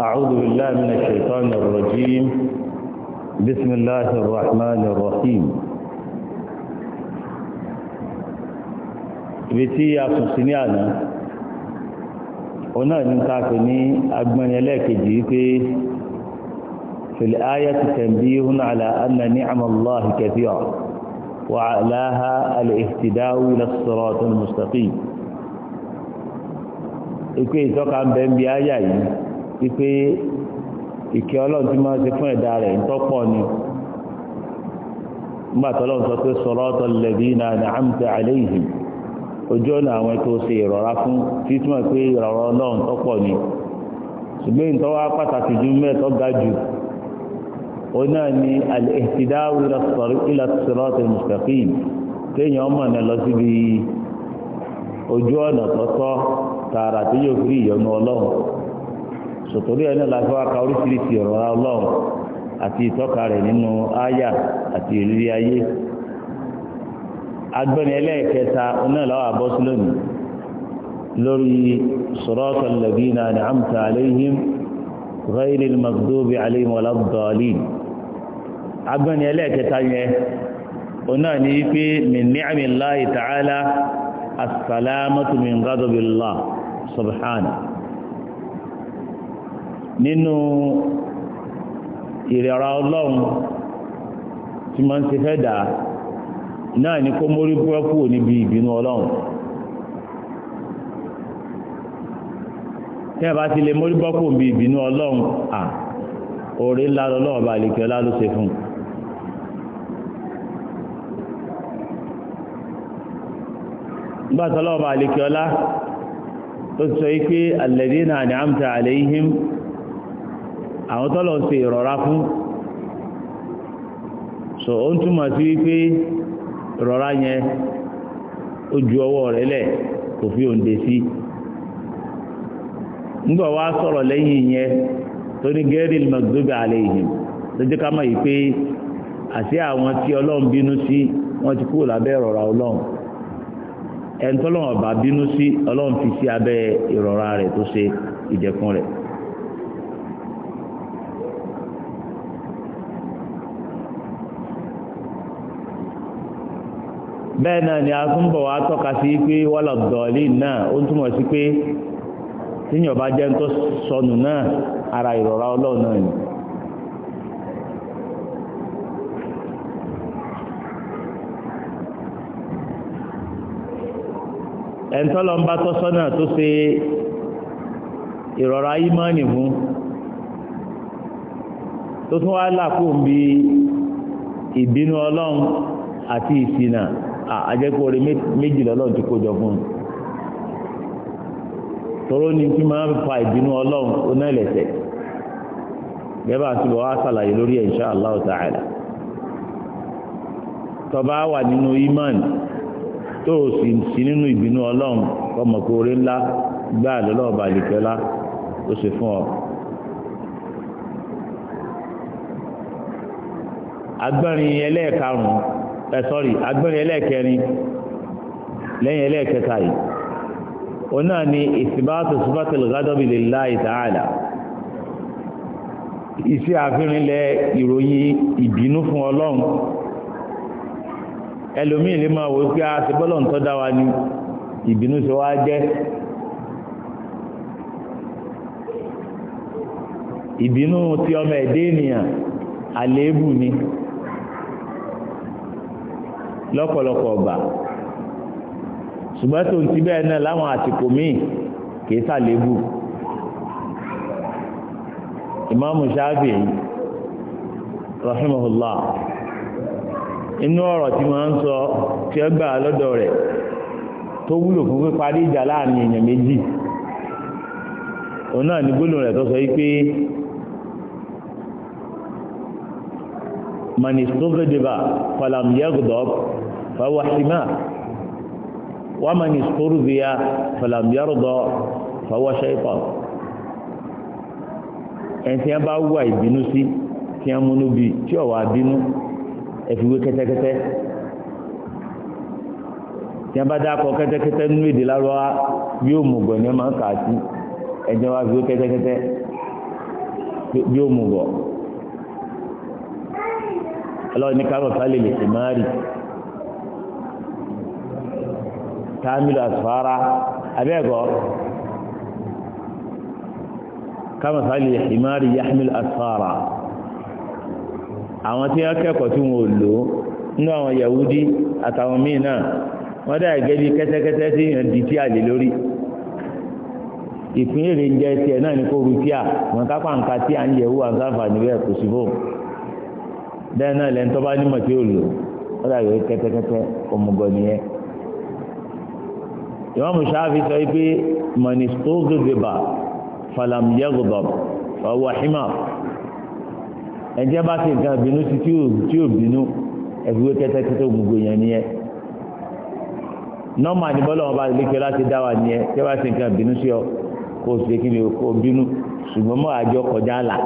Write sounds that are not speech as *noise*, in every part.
أعوذ بالله من الشيطان الرجيم بسم الله الرحمن الرحيم ibi tí a sùn sí ní àná òun náà ní ká pè ní agbọ́nrin ẹlẹ́ẹ̀kejì wípé fil ayati tanbihun ala anna ni'ama Allahi kathira wa alaha al-ihtida'u ila sirati al-mustaqim ìpè ìtọ́ka ń bẹ ń bi áyà yìí wípé ìkẹ́ ọlọ́run tí máa ń ṣe fún ẹ̀dá rẹ̀ ń tọ́pọ̀ ni nígbà tó lọ́run sọ pé sọ̀rọ̀tọ̀ lẹ̀bí náà ní àmì àléhìn ojú ọ̀nà àwọn tó ṣe ìrọ̀rá fún títúmọ̀ pé ìrọ̀rọ̀ ọlọ́run tọ́pọ̀ ni ṣùgbọ́n ìtọ́wá pàtàkì jù mẹ́ẹ̀tọ́ ga jù ó náà ni al-ihtidawu ila sòtòrí ẹni láti wá ka oríṣiríṣi ọ̀rọ̀ ọlọ́run àti ìtọ́ka rẹ̀ nínú áyà àti ìrírí ayé agbẹ́ni ẹlẹ́ẹ̀kẹta oná ìlàwọ̀ àbọ́sí lónìí lórí sọ̀rọ̀tọ̀ lẹ́bínà ní àmta aléhìm rẹ́ìlì magdóbi aléhìm ọlábùdọ́ọ̀lì agbẹ́ni ẹlẹ́ẹ̀kẹta yẹn oná ní wípé min ni'amillahi ta'ala as-salamatu min ghadabillah subhanahu nínú ìrẹ̀ra ọlọ́run tí máa ń ṣe fẹ́ dà náà ni kó mórí búrọ́ kúrò níbi ìbínú ọlọ́run tí ẹ bá ti lè mórí bọ́ kúrò níbi ìbínú ọlọ́run à orí ńlá lọ́lọ́run bá lè kí ọlá ló ṣe fún un. gbàtọ́lọ́ọ̀bà àlèkíọ́lá tó sọ yí pé àwọn tọ́lọ̀ ṣe fún so ó ń túmọ̀ sí wípé ìrọ̀rá yẹn ó ju ọwọ́ rẹ̀ lẹ̀ kò fi òǹde sí nígbà wá sọ̀rọ̀ lẹ́yìn yẹn tó ní gẹ́rìl magdubi alayhim tó jẹ́ yìí pé àti àwọn tí ọlọ́run ọba bínú sí fi sí abẹ́ ìrọ̀rá rẹ̀ tó ṣe bẹ́ẹ̀ náà ni a tún bọ̀ wá tọ́ka sí pé wọ́lọ̀ dọ̀ọ̀lì náà ó túmọ̀ sí pé tíyàn bá jẹ́ sọnù náà ara ìrọ̀rá ọlọ́run náà ni. ẹ̀ńtọ́lọ́ ń bá tó ṣe ìrọ̀rá ìmánì fún tó tún wá bí a orí méjì lọ́lọ́run ti kójọ fún un tọ́rọ ni tí máa ń fa ìbínú ọlọ́run onílẹ̀sẹ̀ gẹ́gẹ́ bá a ti lọ lórí ẹ̀ tọba wà nínú iman tó si sì nínú ìbínú ọlọ́run ọmọ kò rí ńlá gbá àlọ́lọ́ọ̀bà ó fún ọ. agbẹ́rin ẹ eh, sọ́rí agbẹ́rin ẹlẹ́ẹ̀kẹrin lẹ́yìn ẹlẹ́ẹ̀kẹta yìí òun náà ni ìsìbáàtò sífàtìlì gádọ́bì lillahi ta'ala iṣẹ́ àfihànlẹ̀ ìròyìn ìbínú fún ọlọ́run ẹlòmíì lè máa wò pé àṣebọ́lọ̀ ah, ń tọ́da wa ni ìbínú ṣe wá jẹ́ ìbínú ti ọmọ ẹ̀dẹ́ ènìyàn àléébù ni. lọ́pọ̀lọpọ̀ ọ̀gbà ṣùgbọ́n tó ń ti bẹ́ẹ̀ náà láwọn àsìkò míì kìí sàlébù ìmáàmù Ṣáfi'í rahimahullah inú ọ̀rọ̀ tí wọ́n ń sọ tí ó gbà lọ́dọ̀ rẹ̀ tó wúlò fún pé parí ìjà láàrin èèyàn méjì òun náà ní gbólóhùn mani sọ́gẹ́dẹ́bà falamiyagdọ́b fawahima wa mani sọ́rùbíyà falamiyagdọ́ fawashaitọ́ ẹni tí wọ́n bá wà ìbínú sí tí wọ́n múnú bí tí ọ̀wà bínú ẹ̀fìwé kẹ́tẹ́kẹ́tẹ́ tí wọ́n bá dákọ kẹ́tẹ́kẹ́tẹ́ nínú èdè lárọ́wá yóò mú gbọ̀n ní ọmọ kàá sí ẹ̀jẹ̀ wá fi wé yóò mú gbọ̀n ọlọ́run ní káwọn fà lè lè tẹ̀ máa rì kámílò àsùfárá abẹ́ẹ̀gọ́ káwọn fà lè tẹ̀ máa rì yáhmílò àsùfárá àwọn tí wọ́n kẹ́kọ̀ọ́ tí wọ́n lò nínú àwọn Yahudi àtàwọn míì náà wọ́n dá ẹ̀gẹ́ bí kẹ́tẹ́kẹ́tẹ́ tí èèyàn di tí a lè lórí ìpínlẹ̀ ń jẹ́ tiẹ̀ náà ní kó ru tí a wọ́n kápá nǹka tí a ń yẹ̀wò àǹsáfà níbẹ̀ kò sí fóun bẹ́ẹ̀ náà lẹ́nu tó bá ní mọ̀tí ò lò ó dàgbé kẹ́tẹ́kẹ́tẹ́ òmùgọ̀ nìyẹn. ìmáàmù Ṣáfi sọ pé mọ̀nì stóòzù bèbà falam yẹ́gùdọ̀ ọwọ́ hímà ẹ̀jẹ̀ bá ti nǹkan bínú sí tí ò bínú ẹ̀fíwé kẹ́tẹ́kẹ́tẹ́ òmùgọ̀ yẹn nìyẹn. nọ́ọ̀mà ni bọ́lá wọn bá lè kí ọ láti dá wa nìyẹn tí wọ́n bá ti nǹkan bínú sí ọ kó o sì kí ni o bínú ṣùgbọ́n mọ́ àjọ kọjá là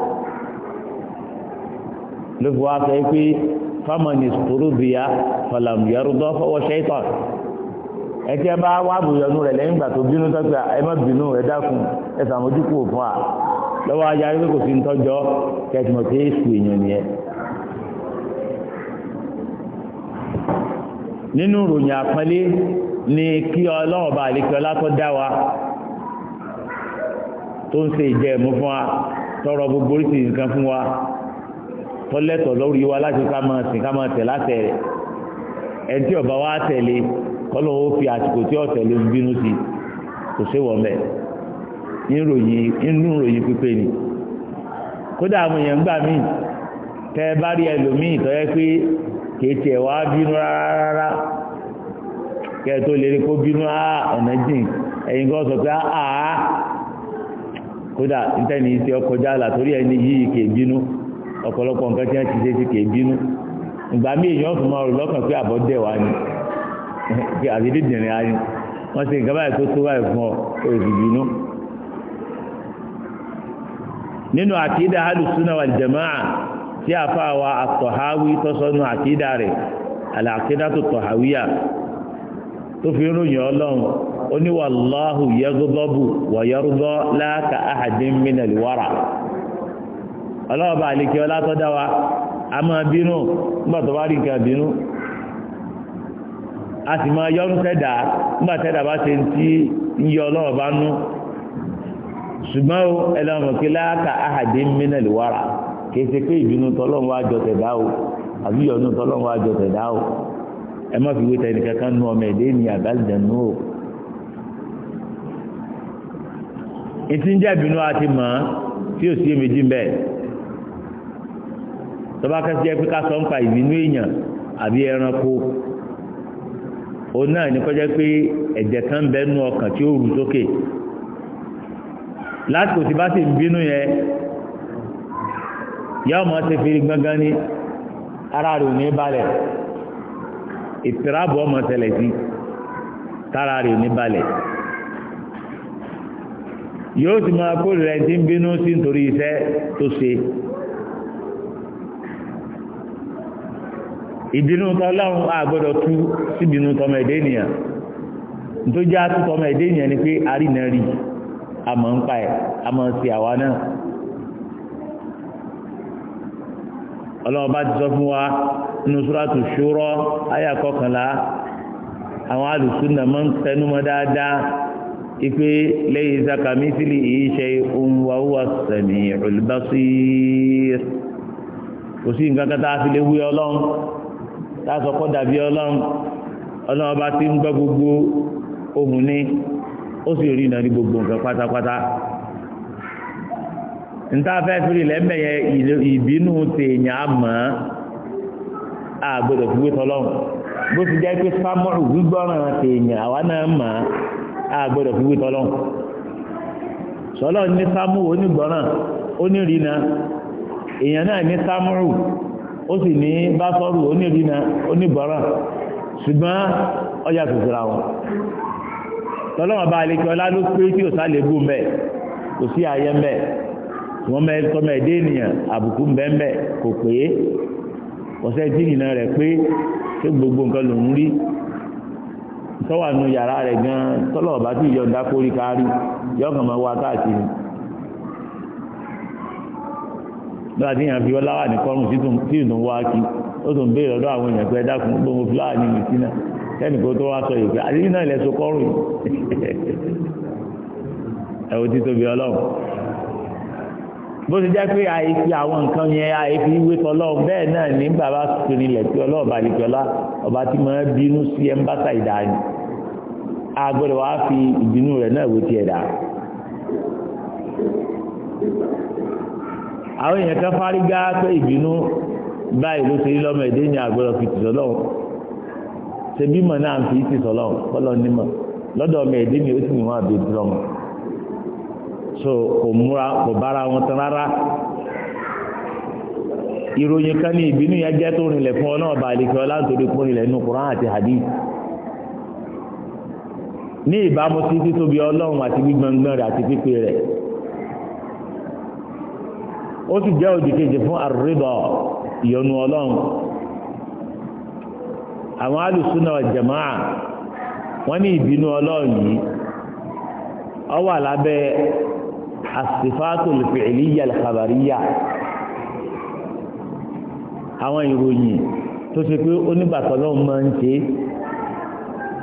ló fi wá sọ pé fámọ́nì sòròbìyà fàlàmùyárúdọ́ fọwọ́ ṣẹ́tọ̀ ẹtí ẹ bá wá àbùyọnu rẹ lẹ́yìn ìgbà tó bínú tọ́gbà ẹ má bínú ẹ dákun ẹ sàmójúkú òfin à lọ́wọ́ ajá wípé kò sí ń tọ́jọ́ kẹtùmọ̀ pé èsù èèyàn nìyẹn. nínú ìròyìn àpọ́nlé ni kí ọlọ́run bá àlékí ọlá tó dá wa tó ń ṣe ìjẹ́ ìmú fún wa tọrọ gbogbo oríṣiríṣi nǹkan fún wa tọ́lẹ́tọ̀ lórí wa láti ká máa sìn ká máa ẹ̀ tí ọba wa tẹ̀lé kọlọ ó fi àsìkò tí ó tẹ̀lé ń bínú sí kò sí wọ́n bẹ̀ inú ròyìn pípé ni kódà àwọn èèyàn gbà míì tẹ́ bá rí ẹlòmíì tọ́yẹ́ pé kéètì ẹ̀ wá bínú rárá kẹ́ẹ̀ tó lè rí kó bínú ọ̀nà jìn kan sọ pé àá kódà torí ẹni yìí kè bínú. ọ̀pọ̀lọpọ̀ nǹkan tí wọ́n ti ṣe ti kè é bínú ìgbà míì èèyàn fún ma rò lọ́kàn pé àbọ̀dẹ̀ wa ni pé àbídí dìrín wa ni wọ́n ṣe nǹkan báyìí tó tó báyìí fún ọ òsì bínú. nínú àkídà alùsùnà wal jamaa tí a fà wá àtọ̀háwí tọ́sọ́nù àkídà rẹ̀ àlàkídà tó tọ̀háwíyà tó fi ròyìn ọlọ́run ó ní wàlláhu yẹ́gọ́dọ́bù wọ̀yọ́rọ́dọ́ láàkà áhàdín mínàlì ọlọ́ọ̀bà àlekè ọlá tó dá wa a máa bínú nígbà tó bá rí nǹkan bínú a sì máa yọ́nú sẹ́dà nígbà sẹ́dà bá ṣe ti ń yọ ọlọ́ọ̀bá nú ṣùgbọ́n o ẹlẹ́wọ̀n kí láàkà áhàdé mẹ́nà lè wára kìí ṣe pé ìbínú tọ́lọ́run wá jọ tẹ̀dá o àbí ìyọ̀nú tọ́lọ́run wá jọ o ẹ má fi wé tẹ̀ nìkankan nú ọmọ ẹ̀dẹ́ ní àbájáde nú o. ìtìjẹ́ ìbínú àti mọ̀ tí ò sí èmi jí bẹ́ẹ̀ tọ́ba kẹsí ẹ pé ká sọ ń pa ìbínú èèyàn àbí ẹranko òun náà ní kọjá pé ẹ̀jẹ̀ kan ń bẹ́nu ọkàn tí ó rú sókè lásìkò tí bá sì ń bínú yẹn yá ọmọ ṣe fi gbọ́ngàn ní ara rẹ̀ ò ní balẹ̀ ìtìrábù ọmọ ṣẹlẹ̀ sí tára rẹ̀ ò ní balẹ̀ yóò sì máa kó rẹ̀ tí ń bínú sí nítorí iṣẹ́ tó ṣe. ìbínú tọ́lọ́run àgbọ́dọ̀ tú síbínú tọmọ ẹ̀dẹ́ ènìyàn tó já tú tọmọ ẹ̀dẹ́ ènìyàn ni pé àrínà rí àmọ́ ń pa ẹ̀ àmọ́ sí àwa náà ọlọ́run bá ti sọ fún wa nínú súrátù ṣúrọ́ ayà kọkànlá àwọn alùsùnà máa ń tẹnumọ́ dáadáa lásọ̀kọ́ dàbí ọlọ́run ọlọ́run ọba tí ń gbọ́ gbogbo ohun ní ó sì rí iná ní gbogbo nǹkan pátápátá níta fẹ́ fi rí lẹ́mẹ̀yẹ ìbínú tèèyàn àmọ́ àgbọ̀dọ̀ fi wé tọlọ́run bó ti jẹ́ pé sámọ́rù gbígbọ́ràn tèèyàn àwa náà mọ̀ àgbọ̀dọ̀ fi wé tọlọ́run sọlọ́ọ̀ ní sámú onígbọ́ràn onírìnà èèyàn náà ní sámọ́rù ó sì ní básọ́rù onírìnà oníbọ̀ràn ṣùgbọ́n ọjà tòṣìra wọn tọ́lọ́wọ́n bá alẹ́ ọlá ló pé tí òsà lè bú mbẹ́ kò sí ayé wọ́n mẹ́ tọ́mọ ẹ̀dẹ́ ènìyàn àbùkù kò pé ọ̀sẹ̀ gbogbo gan lọ́wọ́ àti èèyàn fi ọlá wà ní kọ́rùn tí ìdùn wá kí ó tún béèrè ọ̀dọ̀ àwọn èèyàn pé ẹ̀dá fún gbogbo fúláwà ní ìrìsí náà kẹ́ni kó tó wá sọ yìí pé àdéhùn náà ilẹ̀ so kọ́rùn yìí *laughs* ẹ̀wọ̀n ti tóbi ọlọ́run bó ti jẹ́ pé àìfi àwọn nǹkan yẹn àìfi ìwé tọlọ́run bẹ́ẹ̀ náà ní bàbá tuntun ilẹ̀ tí ọlọ́run bá dìkẹ́ ọlá ọba tí mo bínú sí ẹ̀ ń bá sàìdá ni àwọn èèyàn kan fárígá pé ìbínú báyìí ló ṣe rí lọ́mọ èdè ní àgbọ̀rọ̀ fi tìsọ̀ lọ́wọ́ ṣe bímọ náà fi tìsọ̀ lọ́wọ́ kọ́lọ́ nímọ̀ lọ́dọ̀ ọmọ èdè ni ó sì níwọ̀n àbí dúrọ́mọ̀ so kò múra kò bára wọn tán rárá ìròyìn kan ní ìbínú yẹn jẹ́ tó rinlẹ̀ fún ọ náà bàálíkẹ́ ọ látòrí pọ́n ilẹ̀ inú Kùránì àti hadith ní ìbámu sí títóbi Ọlọ́run àti gbígbọ́ngbọ́n rẹ̀ àti pípé rẹ̀ ó sì jẹ́ òdì kejì fún àrídọ̀ ìyọnu ọlọ́run àwọn alùsùnà jàmáà wọ́n ní ìbínú ọlọ́run yìí ó wà lábẹ́ àsìfáàtò lùfìlìyà lùkàbàríyà àwọn ìròyìn tó ṣe pé onígbàtọ́ lọ́hùn máa ń ṣe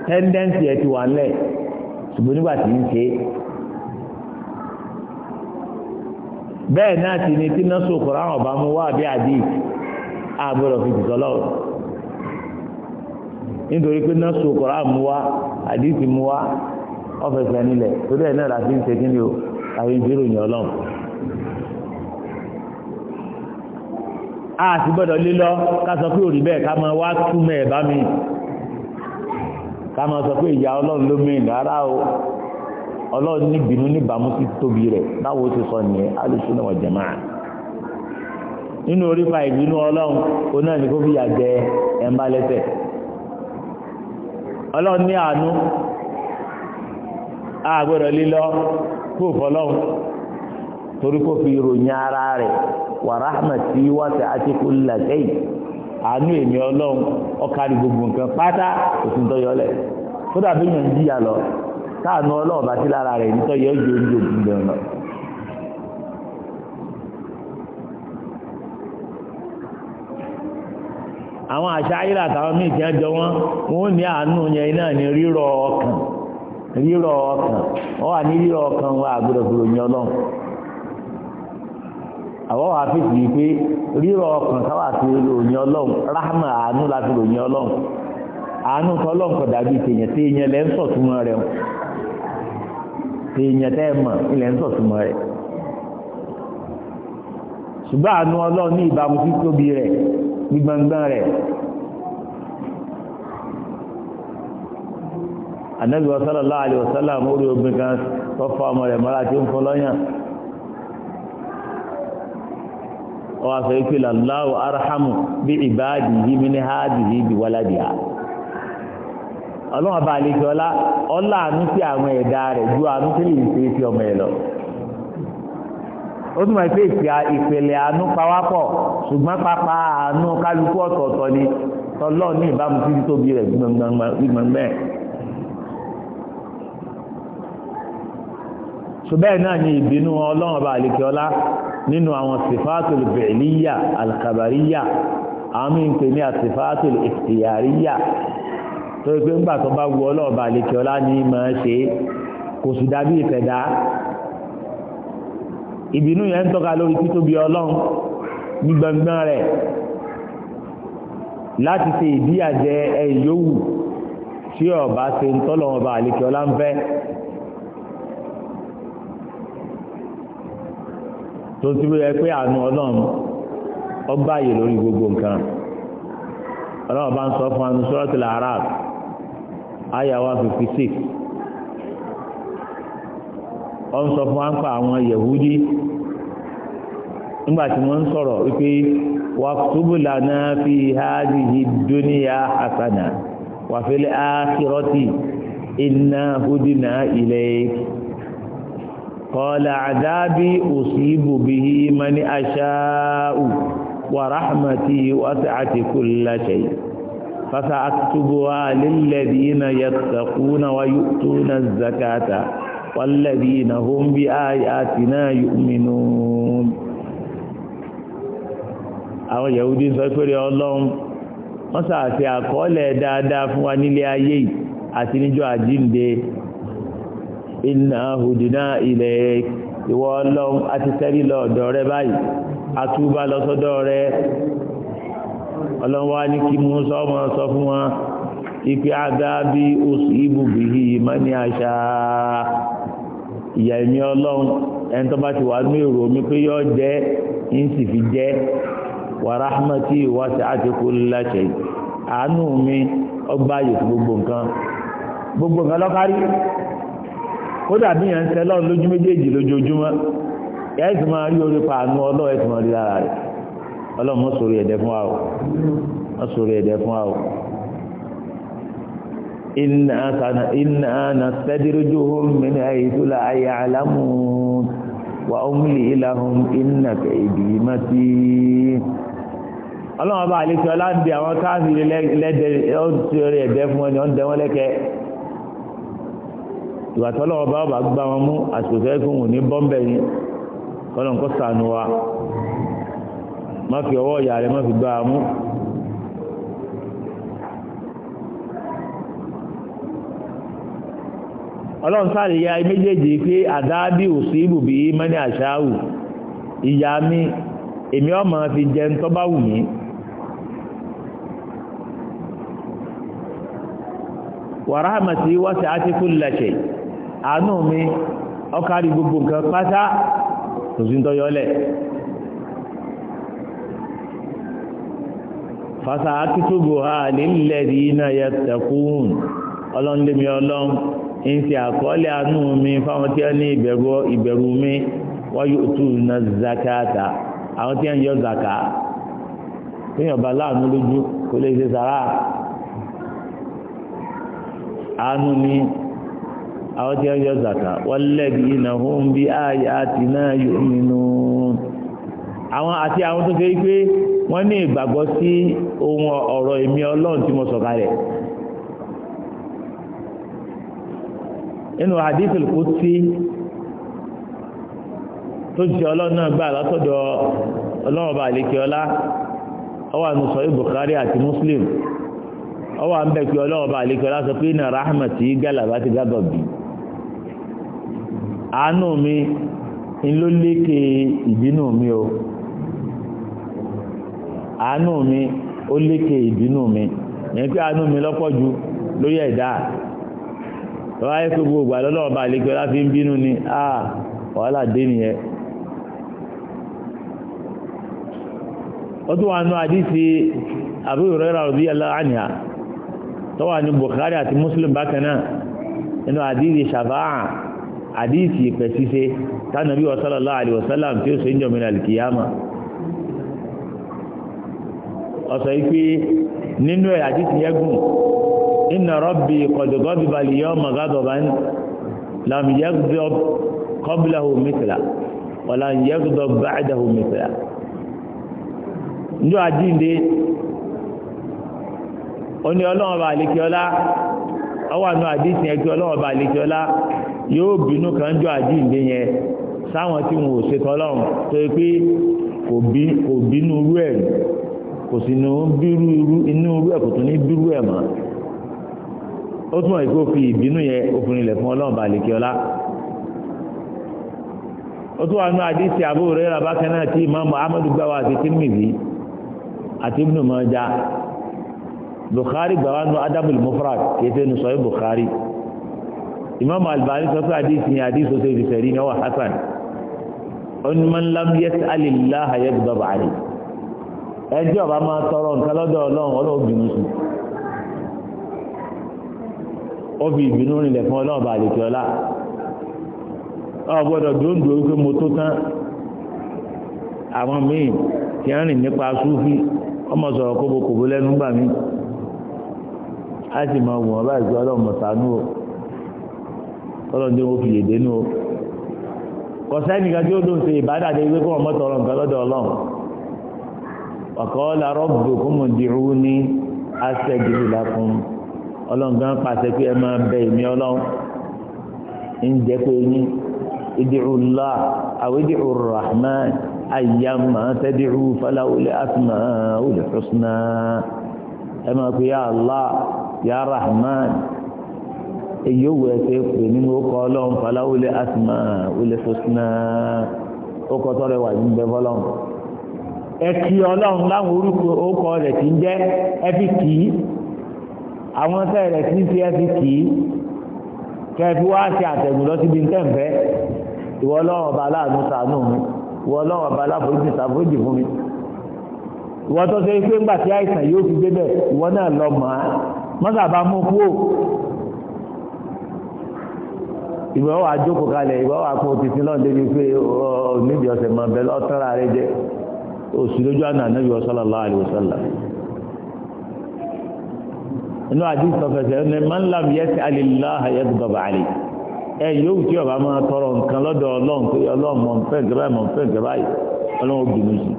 tẹ́ndẹ́ǹsì ẹ̀ ti wà ńlẹ̀ ṣùgbọ́n nígbà ń ṣe é bẹ́ẹ̀ náà ti ni tí nọ́ọ̀sì òkúra àwọn ọba mú wá àbí àdí àgbọ̀dọ̀ fi jù sọ́lọ́ nítorí pé nọ́ọ̀sì òkúra mú wá ti mú wá ọ̀fẹ̀fẹ̀ nílẹ̀ torí ẹ̀ náà láti ń ṣe kí ni o ọlọ́run. a gbọ́dọ̀ lé lọ ká sọ pé òrì bẹ́ẹ̀ o. ọlọ́run ní ìbínú níbàámu sí tóbi rẹ̀ báwo ti sọ nìyẹn alùsùnà wal jamaa nínú orípa ìbínú ọlọ́run òun náà ní kó fìyà jẹ ẹ̀ńbá lẹ́sẹ̀ ọlọ́run ní àánú àgbẹ̀rẹ̀ lílọ kó fọlọ́run torí kó fi ròyìn ara rẹ̀ àánú èmi ọlọ́run gbogbo nǹkan pátá lọ káànù ọlọ́ọ̀bá sí lára rẹ̀ nítorí yóò jó oúnjẹ òkú gbẹ̀rún lọ. àwọn àṣà ayélujára àtàwọn míì tí wọ́n jọ wọ́n wọ́n ní àánú yẹn náà ní ọkàn ọkàn wọ́n wà ní ọkàn wọn àgbẹ̀dọ̀gbọ̀dọ̀ yẹn ọlọ́run àwọn wà fi sì pé rírọ̀ ọkàn káwà fi ròyìn ọlọ́run ráhámà àánú láti ròyìn ọlọ́run àánú kọ́ èèyàn tẹ́ ẹ mọ̀ ilẹ̀ ń sọ̀túnmọ̀ rẹ̀ ṣùgbọ́n àánú ọlọ́run ní ìbámu sí tóbi rẹ̀ gbígbọ́ngbọ́n rẹ̀ anabi sallallahu alaihi wasallam orí obìnrin kan tó fa ọmọ rẹ̀ mọ́ra tí ń fọ́ lọ́yàn ọwọ́ sọ ikú làláwọ̀ bí ìbáàdì yìí mi ní háàdì yìí bí wáládìí ọlọ́run ọba àlejò ọlá ọlá àánú sí àwọn ẹ̀dá rẹ̀ ju àánú sí lè ṣe é fi ọmọ ẹ̀ lọ ó túmọ̀ pé ìpìlẹ̀ àánú pawápọ̀ ṣùgbọ́n pápá àánú kálukú ọ̀tọ̀ọ̀tọ̀ ni tọ́lọ́ ní ìbámu sí títóbi rẹ̀ gbọ̀ngbọ̀ngbẹ̀. ṣùgbọ́n náà ni ìbínú ọlọ́run ọba àlekè ọlá nínú àwọn sifatul fi'liya àwọn mí torí pé ńgbà tó bá wù ọlọ́ọ̀bà àlekè ọlá ní mọ̀ ẹ́ ṣe kò sì dábí ìfẹ̀dá ìbínú yẹn ń tọ́ka lórí títóbi ọlọ́run ní gbọ̀ngbọ̀n rẹ̀ láti ṣe ìdíyàjẹ ẹ̀yìn yòówù tí ọba ṣe ń tọ́lọ̀ ọba àlekè ọlá ń fẹ́ tó ti wáyé pé àánú ọlọ́run ọgbà yìí lórí gbogbo nǹkan ọlọ́run bá ń sọ fún anusọ́rọ́tìlá aráàlú àyà one fifty six wọ́n sọ fún wa ń pa àwọn yẹ̀wúdí nígbà tí wọ́n ń sọ̀rọ̀ wípé wàkútúbù lànà fi hádìhì dúníyà hasana wàfẹlẹ àkìrọtì iná húdìnà ilẹ kọlà àdábì òsìbò bìí mani àṣà wàràhàmàtì wàtí àtìkù làṣẹyìí fasa aktubuwa lilladhina yattaquna wa yu'tuna zakata walladhina hum bi ayatina yu'minun àwọn yahudi sọ pé ọlọ́run wọ́n sàṣe àkọọ́lẹ̀ dáadáa fún wa nílé ayé yìí àti níjọ́ àjínde iná hùdínà ilẹ̀ ìwọ ọlọ́run àti tẹ́rí lọ́ọ̀dọ̀ rẹ báyìí àtúbà lọ́sọ́dọ̀ rẹ ọlọ́run wá ní kí Musa ọmọ sọ fún wọn ipe adábí oṣù ibùbìhì mọ́ni àṣà ìyá ẹ̀mí ọlọ́run ẹni tó bá ti wà ní èrò mi pé yọ jẹ́ ń sì fi jẹ́ wàràhàmàtì ìwáṣẹ àti kúlẹ̀ṣẹ̀ àánú mi ọgbà ayò gbogbo nǹkan gbogbo nǹkan lọ́kárí kódà bí yẹn ń tẹ́ lójú méjèèjì lójoojúmọ́ ẹ̀sìn máa rí orí pa àánú ọlọ́run ẹ̀sìn máa rí lára rẹ̀ ọlọ́run wọ́n sòrò ẹ̀dẹ̀ fún wa o wọ́n sòrò ẹ̀dẹ̀ fún wa o iná na sẹ́dírújú homin àìsúlá ayé alámù wà ómìlì ìlàhùn iná kẹ̀ẹ́dì mọ́tí ọlọ́run ọba àlejò ọláǹdì àwọn káàfìrí lẹ́dẹ̀ ó sòrò ẹ̀dẹ̀ fún wọn má fi ọwọ́ ìyá rẹ má fi gbá a mú. ọlọ́run sáré ya méjèèjì pé àdáábì òsínbù bí mẹ́ni àṣáwù ìyá mi èmi ọmọ fi jẹun tó bá wù mí. wàràhàmàtì wáṣẹ àtìkú lẹṣẹ àánú mi ọkàrí gbogbo nǹkan pátá tòsíntọ́yọ́lẹ̀. fasa akitubu ha lílẹ̀dì iná yẹ tẹ̀kùn ọlọ́ndẹ́mi ọlọ́n ń ṣe àkọọ́lẹ̀ àánú mi fáwọn tí wọ́n ní ìbẹ̀rù mi wọ́n yóò tù ná zakata àwọn tí wọ́n yọ zaka fíyàn bá láàánú lójú kò lè ṣe sàrà àánú ni àwọn tí wọ́n yọ zaka wọ́n lẹ́bi iná hún bí ayé àti náà yóò nínú àwọn àti àwọn tó fẹ́ pé wọ́n ní ìgbàgbọ́ sí ohun ọ̀rọ̀ èmi ọlọ́run tí mo sọ̀kalẹ̀ nínú hadith al-qudsi tó ti ọlọ́run náà gbà látọ̀dọ̀ ọlọ́run bá àlékè ọlá ọwọ́ àánú sọ àti Muslim ọwọ́ à ń bẹ̀ pé ọlọ́run bá àlékè ọlá sọ pé iná rahmati galaba ti gágọ̀ bì àánú mi ń ló ìbínú mi o. àánú mi ó lékè ìbínú mi yẹn pé àánú mi lọ́pọ̀ ju lórí ẹ̀dá lọ́wọ́ ayé pé gbogbo àlọ́lọ́ ọba àlejò ọlá fi ń bínú ni wàhálà dé nìyẹn. ó tún wà nù àdìsí Abu Hurairah radiyallahu anha tọ́wà ní àti Muslim bákan náà nínú àdìsí ṣàfáà àdìsí tánàbí tí ó ọ̀sọ̀ yìí pé nínú ẹ̀ àdìsí yẹn gùn inna rabbi qad ghadiba al-yawma ghadaban lam yaghdab qablahu mithla wa lam yaghdab ba'dahu mithla njọ́ àjíǹde ó ní ọlọ́run ọba àlekíọ́lá ọwọ́ àánú àdìsí yẹn kí ọlọ́run ọba àlekíọ́lá yóò bínú kan jọ àjíǹde yẹn sáwọn tí wọn ò ṣe tọ́lọ́run tó yẹ pé kò bínú rú ẹ̀rù kò sí inú bírú irú inú irú ẹ̀ kò tún ní bírú ẹ̀ mọ́ ó túmọ̀ ìkó fi ìbínú yẹn obìnrin lẹ̀ fún ọlọ́run balẹ̀ kí ọlá ó tún wà nínú àdìsí Abu Hurairah bákan náà tí ìmáàmù Ahmadu gbáwá àti Tirmidhi àti Ibn Majah Bukhari gbáwá nínú Adabul Mufrad kéde nù sọ́yìn Bukhari ìmáàmù Albani sọ pé àdìsí yẹn àdìsí oṣù ìfẹ̀rí ni ó hasan ó ní man Eji ọba máa tọrọ nǹkan lọ́dọ̀ ọlọ́run ọlọ́run bínú ó fi ìbínú rinlẹ̀ fún ọlọ́run àlèkè ọlá ọ gbọ́dọ̀ dúró mo tó tán àwọn míì tí ń rìn nípa súfì ọmọ sọ̀rọ̀ kóbokòbó lẹ́nu gbà mí á sì máa wù wọ́n báyìí pé ọlọ́run mọ̀sánú o ọlọ́run tí wọ́n fi o kọ̀sẹ́nìkan tí ó dùn sí ìbádàdé wípé kó ọmọ tọrọ ọ̀kọ́ọ́lá rọ́bù kún mọ̀ dìrú ní asẹ́gìrì lákùn ọlọ́run gan pàṣẹ pé ẹ máa bẹ ìmí ọlọ́run ń jẹ́ pé yín ìdìrú ńlá àwọn ìdìrú rahman ayyamma tẹ́dìrú fọláwọlé asùnmá olùfọ́sùnà ẹ máa pè ya Allah ya rahman èyí ò wù ṣe pè nínú ọkọ ọlọ́run fọláwọlé asùnmá olùfọ́sùnà ó kọ́ tọ́rẹ̀ wà ní bẹ́ẹ̀ fọlọ́run ẹ̀kí ọlọ́run láwọn orúkọ orúkọ rẹ̀ ti ń jẹ́ ẹ̀fí kì í àwọn tẹ́ rẹ̀ ti ń fi ẹ̀fí kì í kẹfí wá ṣe àtẹ̀gùn lọ síbi ntẹ̀ǹfẹ́ ìwọ ọlọ́run ọba aláàánú ṣàánú mi ìwọ ọlọ́run ọba aláforíjì ṣàforíjì fún mi ìwọ tó ṣe pé ńgbà tí àìsàn yóò fi débẹ̀ ìwọ náà lọ mọ̀ á mọ́tà bá mú kú ò ìwọ wà jókòó kalẹ̀ ìwọ wà kó o ti sin lọ́ọ̀ pé ọ níbi ọ̀sẹ̀ mọ̀ bẹ́ẹ̀ lọ́ọ́ rẹ jẹ́ òsì lójú àná ànábì sallallahu alaihi wasallam inú àdìs tọfẹsẹ ẹni man lam yas'alillaha yaghdab alayhi ẹ yóò tí ọba máa tọrọ nǹkan lọ́dọ̀ Ọlọ́run pé Ọlọ́run mọ nfẹ gẹbà mọ nfẹ gẹbà yìí Ọlọ́run obìnrin sí.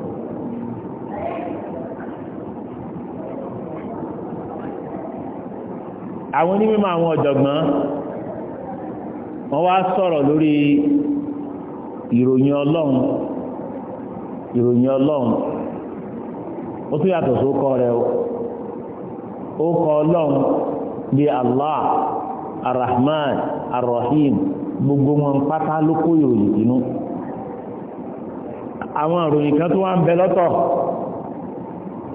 àwọn onímọ̀ àwọn ọ̀jọ̀gbọ́n wọ́n wá sọ̀rọ̀ lórí ìròyìn Ọlọ́run ìròyìn ọlọ́run ó tún yàtọ̀ sí ókọ rẹ̀ ó kọ ọlọ́run bíi allah arrahman arrahim gbogbo wọn pátá ló kó ìròyìn sínú àwọn ìròyìn kan tó wá ń bẹ lọ́tọ̀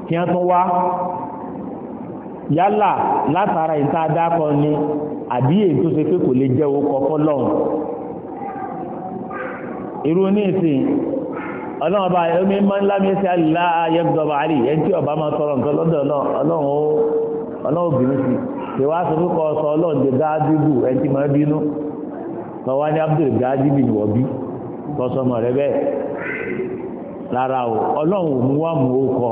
kí wọ́n tún wá yálà látara ìta dákọ ni tó ṣe pé kò lè jẹ́ ọlọ́run bá yẹ omi máa ń lámì sí àlá ayẹ́gbọ́ba àlè ẹni tí ọba máa tọrọ nǹkan lọ́dọ̀ ọlọ́run ọlọ́run bínú sí ṣe wá sọ fún kọ́ sọ ọlọ́run dé gáàdìbù ẹni tí máa bínú sọ wá ní abdul gáàdìbù ni wọ́n bí tọ́sọmọ rẹ bẹ́ẹ̀ rárá o ọlọ́run ò mú wá mú ó kọ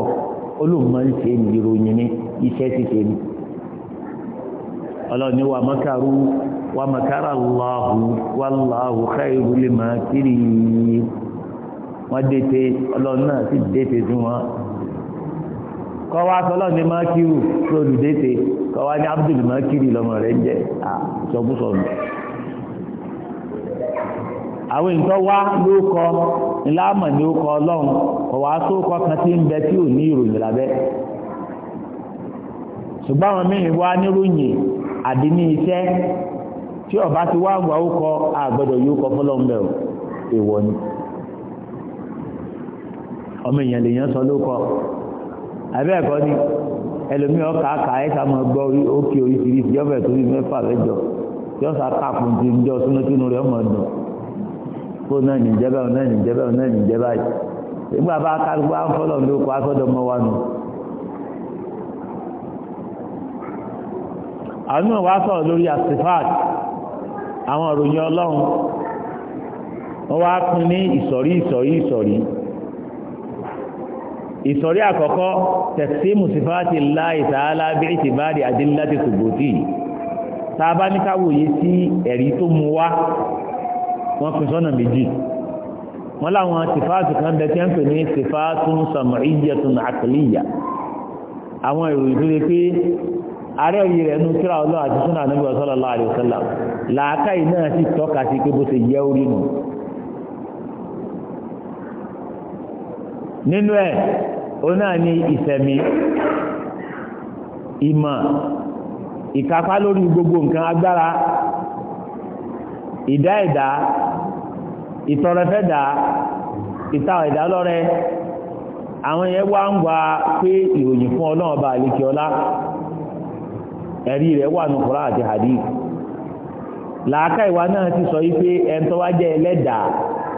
olùmọ̀ ń ṣe ní ìròyìn ní iṣẹ́ ti ṣe ní ọlọ́run ní wà mọ́kàrú wà mọ́kàrà Allahu wallahu khairul makirin wọ́n dètè ọlọ́run náà sì dètè sí wọn kọ́ wa sọlọ́ ní mákìrù tó olùdètè kọ́ wa ní abdul mákìrì lọ́mọ rẹ̀ jẹ́ àsọkúsọ̀nù àwọn nǹkan wá ló kọ ńláàmọ̀ ni ó kọ ọlọ́run kọ̀ wá tó kọ kan tí ń bẹ tí ò ní ìròyìn lábẹ́ ṣùgbọ́n àwọn míì wá níròyìn àdíní iṣẹ́ tí ọba ti wá gbà ó kọ àgbọ̀dọ̀ yóò kọ fọlọ́ńbẹ̀ ò ni ọmọ èèyàn lè yán sọ ló kọ àbẹ́ ẹ̀kọ́ ni ẹlòmí ọkà àkà ẹ̀ka mọ̀ gbọ́ òkè oríṣiríṣi ọbẹ̀ tó ní mẹ́fà mẹ́jọ yọ sá káàpù ti ń jọ súnú sínú rẹ̀ ọmọ dùn kó náà ní jẹ́bẹ̀ náà ní jẹ́bẹ̀ náà ní jẹ́bẹ̀ yìí nígbà bá kálukú á ń fọ́lọ̀ ló kọ asọ́dọ̀ mọ́ wa nù. àánú wa sọ̀rọ̀ lórí asifat àwọn òròyìn ọlọ́run wọ́n wá pín ní ìsọ̀rí ìsọ̀rí ìsọ̀rí ìsọ̀rí àkọ́kọ́ tẹ̀símù sífáàtì láì tààlà bí ìtìbáàdì àdínláti ṣùgbòtì tá a bá ní káwòye sí ẹ̀rí tó mú wá wọ́n fi sọ́nà méjì wọ́n láwọn sífáàtì kan bẹ tí wọ́n pè ní sífáàtún sàmìíyàtún àkìlíyà àwọn ìròyìn tó lè pé ààrẹ yìí rẹ̀ nu nínú ẹ̀ òun náà ni ìsẹ̀mí ìmọ̀ ìkápá lórí gbogbo nǹkan agbára ìdá ẹ̀dá ìtọrẹfẹ́dá ìta ẹ̀dá lọ́rẹ àwọn yẹn wá ń wá pé ìròyìn fún ọlọ́run bá ọlá ẹ̀rí rẹ̀ wà ní àti làákà ìwà náà ti sọ yí pé ẹ̀ńtọ́wájẹ́ ẹlẹ́dàá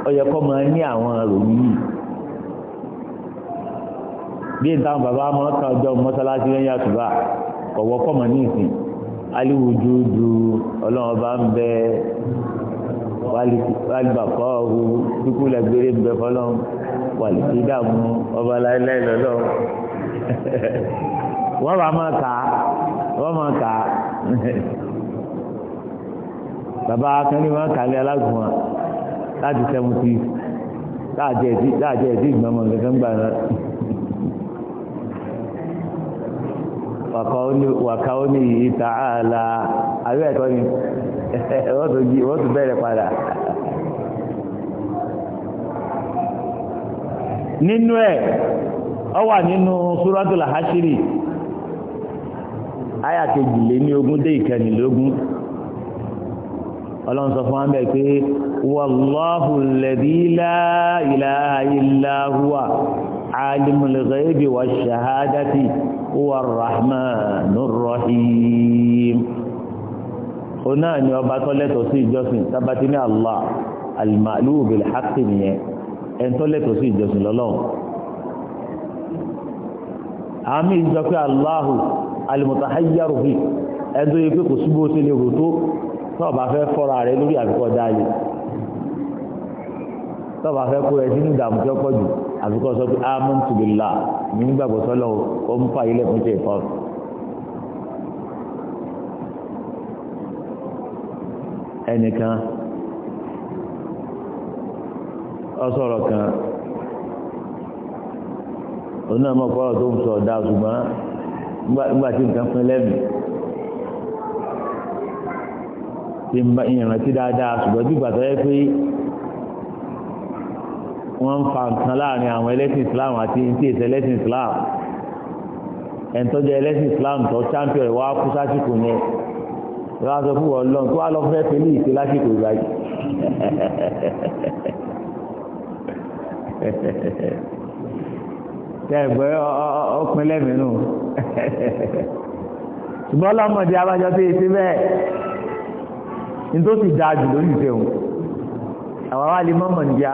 ma yẹ kó ní àwọn bí n táwọn bàbá mọ́ ká ọjọ́ mọ́sálásí lẹ́yìn àtúbà ọ̀wọ́ kọ́mọ̀ ní ìsìn aliwujudu ọlọ́run bá ń bẹ wàlìbàkọ́ ọ̀hún kíkú lẹ́gbẹ̀rẹ́ ń bẹ fọlọ́run wàlìkí dààmú ọba láéláé lọ́lọ́run *laughs* wọ́n bá máa kà á wọ́n máa kà á *laughs* bàbá akẹ́ni máa kà á ní alágùnmá láti sẹ́mu tí láàjẹ́ ẹ̀dí ìgbàmọ̀ nǹkan gbà náà. wàkàóní yìí tààlà àbí ẹ̀kọ́ ni *laughs* wọ́n tún bẹ̀rẹ̀ padà nínú ẹ̀ ọ wà nínú súrọ́tùlà hashiri aya kejìlé ní ogún dé ìkẹnìlógún ọlọ́run sọ fún wa pé wàlláhùn lẹ́dí láìláà ìlàhùwà عالم الغيب والشهادة هو الرحمن الرحيم هنا أن يبطل تسي جسن ثبتني الله المألوه بالحق نيه أن تولي تسي جسن لله àmì ìjọpé aláhù alìmọ̀tàháyàrò fi ẹ̀dọ́ yìí pé kò síbò tí lè rò tó tọ́ba fẹ́ kó ẹ sínú ìdààmú tí ó pọ̀ jù àfikọ́ sọ pé amuntu billah mi nígbàgbọ́ sọ́lọ́ ó ń fà ilé fún ṣe ìfọ́. ẹnìkan ọsọ̀rọ̀ kan òun náà mọ̀ fọ́rọ̀ tó ń sọ ọ̀dà ṣùgbọ́n nígbà tí nǹkan pín lẹ́mìí tí ń bá ìrántí dáadáa ṣùgbọ́n bí ìgbà yẹ pé wọ́n ń fa nǹkan láàrin àwọn ẹlẹ́sìn islam àti ní tí èsì ẹlẹ́sìn islam ẹ̀ńtọ́jọ ẹlẹ́sìn islam tó champion ẹ̀ wá kú sásìkò yẹn ìwà sọ fún wọn lọ́n tó wà lọ fẹ́ pẹ̀lú ìṣe lásìkò ìgbà yìí tẹ̀gbẹ́ *laughs* ọpin lẹ́mìínú *laughs* ṣùgbọ́n ọlọ́mọdé abájọ tó yẹ sí bẹ́ẹ̀ ní tó sì dáa jù lórí ìfẹ́ òun àwọn wa lè mọ́mọ́ níjà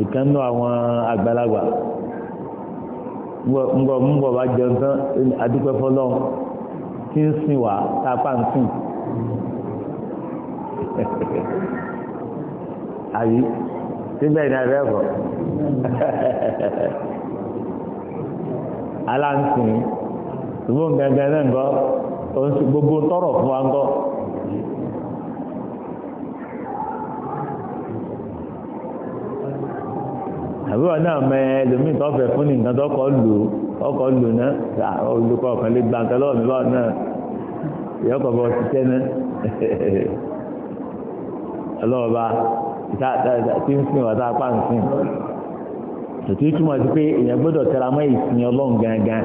ìkan nù àwọn àgbàlagbà ńgbọ ńgbọ bá jẹun tán adúpẹ́ fọlọ́ tí ń sìn wá tá a pa ń sìn *laughs* àbí síbẹ̀ ní abẹ́ ẹ̀kọ́ aláǹsìn ṣùgbọ́n gẹ́gẹ́ náà ń gbọ́ gbogbo tọrọ fún wa ń gbọ́. àbí wọn náà mọ ẹlòmíì tó fẹ́ fún ní nǹkan tó kọ lò ọkọ lò náà olùkọ́ ọkàn lè gba nǹkan lọ́wọ́ mi lọ́wọ́ náà ìyá ọkọ bọ ṣiṣẹ́ náà *laughs* ọlọ́ọ̀ba tí ń sìn wàtá apá ń sìn tòtí túmọ̀ sí pé èèyàn gbọ́dọ̀ tẹra mọ́ ìsìn ọlọ́run gangan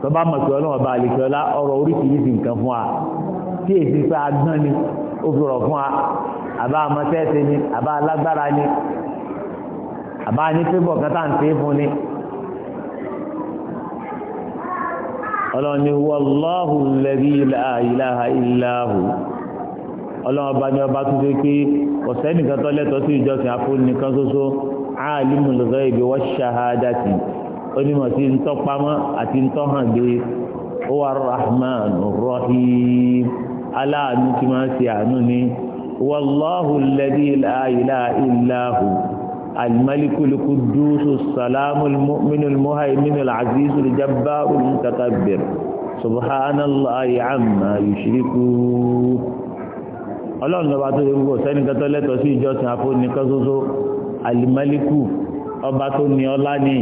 tọ́ba mọ̀ pé ọlọ́run ọba àlejò ọlá ọ̀rọ̀ oríṣiríṣi nǹkan fún wa tí èsì sá agbọ́n ni ó fi rọ̀ fún wa àbá amọ̀tẹ́ẹ̀sẹ̀ ni àbá alágbára ni àbá ní pé bọ̀ kátà ń ṣe é fún ni ọlọ́ni wọláhù lẹ́rí ìlàhà ìlàhù ọlọ́ọba ni ọba tó ṣe pé ọ̀sẹ́ nìkan tó lẹ́tọ̀ọ́ sí ìjọsìn afúnìkan ṣoṣo alimul ghaibi wash shahadati onímọ̀ sí ń tọ́pamọ́ àti ń tọ́hàn gbé ó wà rahman rahim aláàánú tí máa ń ṣe àánú ni wọláhù lẹ́rí ìlàhà ìlàhù. الملك القدوس السلام المؤمن المهيمن العزيز الجبار المتكبر سبحان الله عما يشركون ọlọ́run lọ́ba tó lè wúwo sẹ́ni tọ́tọ́ lẹ́tọ̀ọ́ sí ìjọsìn àfọ́nìkan ṣoṣo alimẹ́líkù ọba tó ní ọlá ní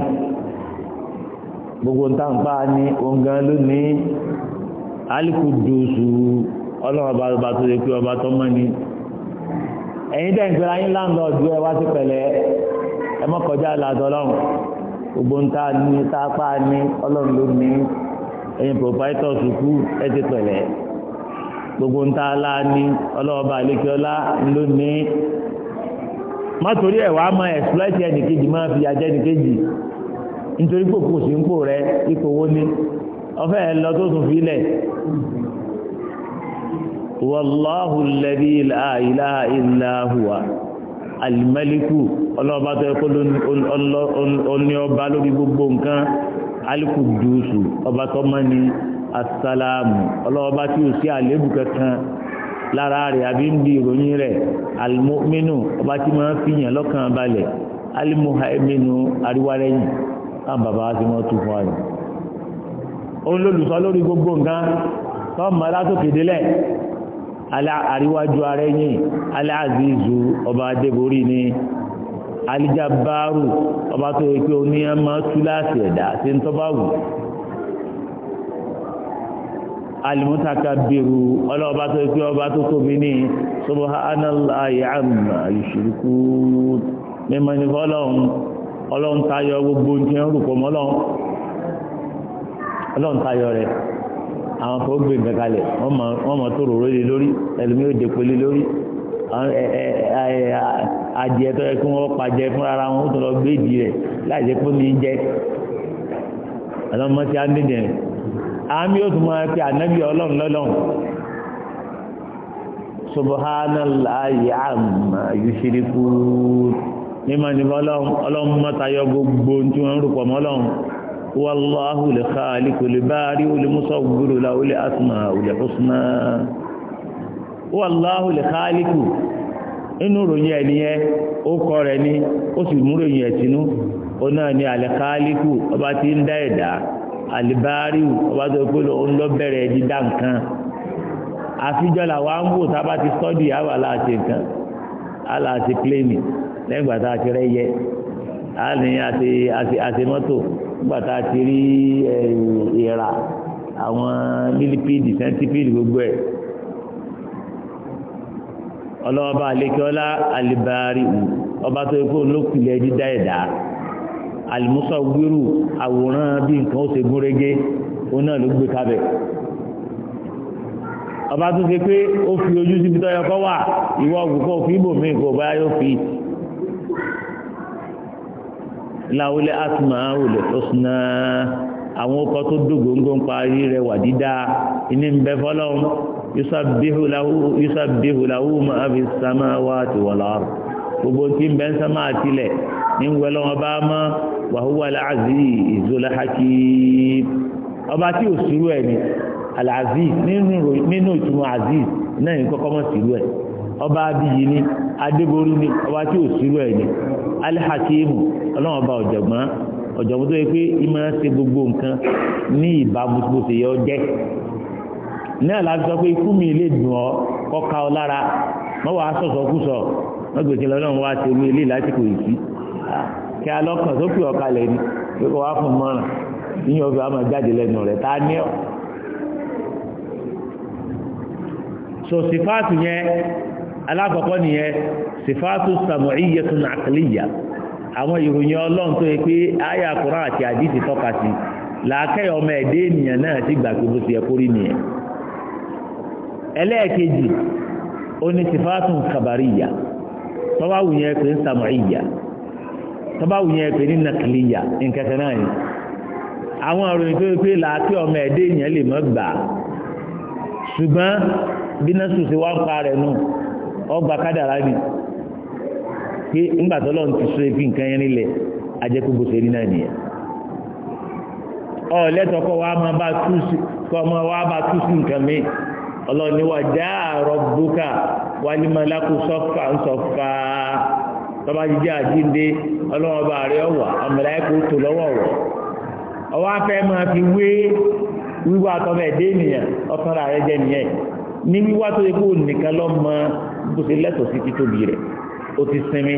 gbogbo ntàǹpá ní òǹgàn lónìí alikudusu ọlọ́run ọba tó lè pé ọba tó mọ́ ẹ̀yin dẹ̀ ń gbéra yín láńlọ́ọ̀dù ẹ sí pẹ̀lẹ́ ẹ kọjá ọlọ́run gbogbo ta ní sápá ní ọlọ́run ló ní ẹ̀yin pòfáìtọ̀ sùkú ẹ ti pẹ̀lẹ́ gbogbo ń ní àlékiọlá ló ní má torí fi ajẹ́ ẹnìkejì nítorí pòpò sí ń pò rẹ ipò ọfẹ́ ẹ lọ tó wàláhù lẹ́bí ìlàáìlà ìlàáhùwà alìmẹ́líkù ọlọ́ọ̀bá tó ẹkọ́ lóní ọba lórí gbogbo nǹkan alìkùdùsù ọba tó mọ́ ni asálàmù ọlọ́ọ̀bá tí ò sí àlébù kankan lára rẹ̀ àbí ń di ìròyìn rẹ̀ alìmọ́mínú ọba tí máa ń fìyàn lọ́kàn balẹ̀ alìmọ́hàmínú ariwárẹ́yìn ká bàbá wa ti mọ́ tó fún àyè òun lólùsọ lórí gbogbo nǹkan tó mọ́ látòkè délẹ̀ aláàríwájú ara ẹ̀yìn aláàzízu ọba adébórí ni alijabaru ọba tó yẹ pé oní ẹmọ túláàsì ẹ̀dá tí ń tọ́ba wù alimutakabiru ọlọ́ọ̀bá tó yẹ pé ọba tó tóbi ní subhanallahi amma yushrikun mímọ́ ní fọ́lọ́hún ọlọ́run gbogbo ní ẹrù kọ́mọ́lọ́hún ọlọ́run rẹ̀ àwọn kan ó gbé nǹkan kalẹ̀ wọ́n mọ̀ tó ròró lé lórí ẹlòmíì ó depo lé lórí adìẹ tó yẹ kí wọ́n pàjẹ fúnra wọn ó tó lọ gbé ìdí rẹ̀ láì jẹ́ pé mi ń jẹ́ ọlọ́mọ tí a ń dídì rẹ̀ àmì ó tún máa fi ànábì ọlọ́run lọ́lọ́run subhanallahi amma yushrikun mímọ́ ní ọlọ́run ọlọ́run mọ́tayọ gbogbo tí wọ́n ń rúpọ̀ mọ́ ọlọ́run والله الخالق البارئ المصور له الأسماء الحسنى والله الخالق inú ròyìn ẹni yẹn ó kọ rẹ̀ ní ó sì mú ròyìn ẹ̀tínú ó náà ní alẹ́káálíkù ọba tí ń dá ẹ̀dá alìbáríù ọba tó pé ó ń lọ bẹ̀rẹ̀ dídá nǹkan àfijọ́ làwọn ń wò tábà ti sọ́dì àwà láti nǹkan aláàtì pléènì lẹ́gbàtà àti rẹ́yẹ àti mọ́tò nígbà tá a ti rí ìra àwọn mílípìdì sẹ́ńtípìdì gbogbo ẹ̀ ọlọ́ọ̀bá àlékẹ́ọ́lá àlìbárí ọba tó ikú olókùnlẹ̀ dídá ẹ̀dá àlìmúsọ̀ gbérù àwòrán bí nǹkan ó ṣe gúnrégé òun náà ló gbé kábẹ̀ ọba tó ṣe pé ó fi ojú síbi tọ́yọ kọ́ wà ìwọ ọ̀gùn kó fi ibòmíì fi láwùlẹ̀ asùnmọ̀ àwòlẹ̀ ọ̀sùnà àwọn ọkọ̀ tó dógóńgó ń parí rẹ̀ wà dídá iní ń bẹ fọlọ́run yusabbihu lahu ma fi samawati wal ard gbogbo tí ń bẹ ń sámà tilẹ̀ ní ń wẹ̀lọ́ ọba mọ́ wa huwa al-azizul ọba tí ò sírú ẹ̀ ni al nínú ìtumọ̀ aziz náà ní kọ́kọ́ mọ̀ sírú ẹ̀ ọba abiyi ni adébórí ni ọba tí ò sírú ẹ̀ ni alihakimu ọlọ́run ọba ọ̀jọ̀gbọ́n ọ̀jọ̀gbọ́n tó yẹ pé ìmọ̀ ṣe gbogbo nǹkan ní ìbámu tó ṣe yọ jẹ́ náà láti sọ pé ikú mi lè dùn ọ kọ́ka ọ lára sọ̀sọ̀ kú sọ lọ́lọ́run wá ṣe omi ilé lásìkò ìsí kí tó ọ̀kalẹ̀ ni pé kò wá fún mọ́ràn àmọ́ jáde lẹ́nu rẹ̀ tá a ní ọ́ sòsìfáàtù alákọ̀ọ́kọ́ nìyẹn sifatu sam'iyatun aqliyya àwọn ìròyìn ọlọ́run tó yẹ pé àyà Kùránì àti àdìsí tọ́ka sí làákẹ́yọ̀ ọmọ ẹ̀dẹ́ ènìyàn náà ti gbà pé bó ti yẹ kó rí nìyẹn ẹlẹ́ẹ̀kejì ó ní sifatun khabariyya tọ́ba wù yẹn pé ń sam'iyya tọ́ba wù yẹn pé ní naqliyya nkẹsẹ̀ náà ni àwọn ìròyìn tó yẹ pé làákẹ́yọ̀ ọmọ ẹ̀dẹ́ ènìyàn lè mọ́ gbà ṣùgbọ́n bí náà sùn sí wá ń pa rẹ̀ náà ọgbà kádàrá ni pé ńgbà ti sọ ebi nǹkan yẹn nílẹ̀ ajẹ́kógbó ṣe náà nìyẹn ọ lẹ́tọ̀ọ́kọ́ wa máa bá tú sí kọ́ ọmọ wa bá tú sí nǹkan mi ọlọ́ni àrọ̀ fi wé wíwá ọ̀tọ́ra rẹ jẹ́ nìyẹn ní wíwá tó yẹ bó ṣe lẹ́tọ̀ọ́ sí títóbi rẹ̀ ó ti sinmi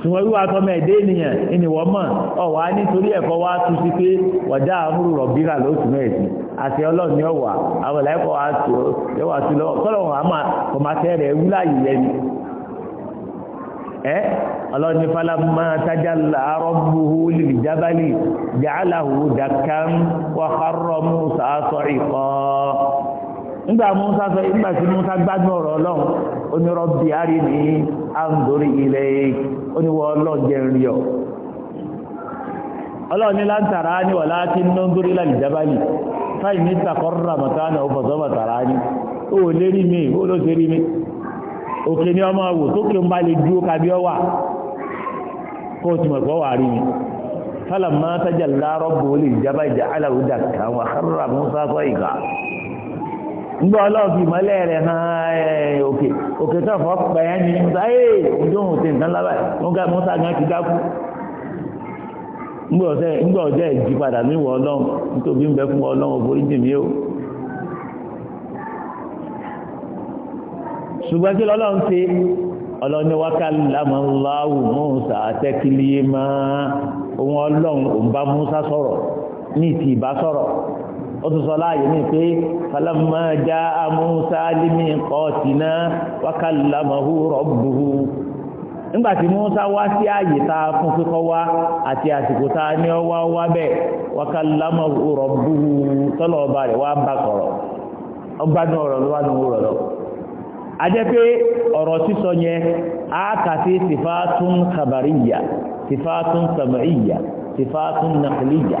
ṣùgbọ́n wíwá tọ́mọ ẹ̀dẹ́ ènìyàn ìníwọ́ mọ̀ ọ̀wá nítorí ẹ̀kọ́ wá tú sí pé wọ̀dá àmúrù rọ̀bírà ló tún ẹ̀ sí àti ọlọ́run ní ọ̀wà àwọn ẹ̀kọ́ wá tó yẹwà tó lọ́wọ́ tọ́lọ̀ wọn àmà kọ̀mátẹ́ rẹ̀ wúlà yìí yẹn ẹ ọlọ́run ní falamma tajalla rabbuhu lil jabali ja'alahu dakkan wa kharra Musa sa'iqa nígbà musa sọ nígbà tí musa gbádùn ọ̀rọ̀ ọlọ́run onírọ̀ bí ari ní àǹdórí ilẹ̀ oníwọ̀ ọlọ́jẹrin yọ ọlọ́run ní láǹtàrá ní wọ̀lá tí ń dórí lálìjábálì fáì ní takọ́rọ̀rà mọ̀tánà ọ̀fọ̀sọ́mọ̀ tàrá ní ó lé rí mi ó ló ṣe rí mi òkè ní ọmọ wò tókè ń bá lè dúró kábí ọ wà kó o ti mọ̀ pọ̀ wà rí mi fálàmọ́ tájà lárọ́ bò ó ìjà aláwùdà kàwọn akárọ̀rà musa ìgbà ngbọ́ ọlọ́ọ̀fi ìmọ̀lẹ́ rẹ̀ hàn eh, òkè òkè tó fọ́ pẹ̀yẹ́ ni musa ee ìdóhùn ti nǹkan lábàá musa musa gan ti dákú ngbọ́ ọ̀sẹ̀ ngbọ́ ọ̀jẹ́ ìjì padà mí wọ ọlọ́run nítorí ń bẹ fún ọlọ́run òforí jì mí o. ṣùgbọ́n kí lọ́lọ́run ṣe ọlọ́ni wákàlámà láwù musa àtẹ́kìlì máa ohun ọlọ́run òun bá sọ̀rọ̀ ní ìtì ìbá sọ̀rọ̀ ó tún sọ láàyè ní pé falamma jaa Musa limi qatina wa kallamahu rabbuhu nígbàtí Musa wá sí ààyè tá a fún kíkọ́ wá àti àsìkò tá a ní ọ wá bẹ́ẹ̀ wa kallamahu tọ́lọ̀ ọba rẹ̀ wá bá kọ̀rọ̀ ọgbádùn ọ̀rọ̀ ló ní òwúrọ̀ lọ ajẹ́ pé ọ̀rọ̀ sísọ yẹn a kà sí sifatun khabariyya sifatun sam'iyya sifatun naqliyya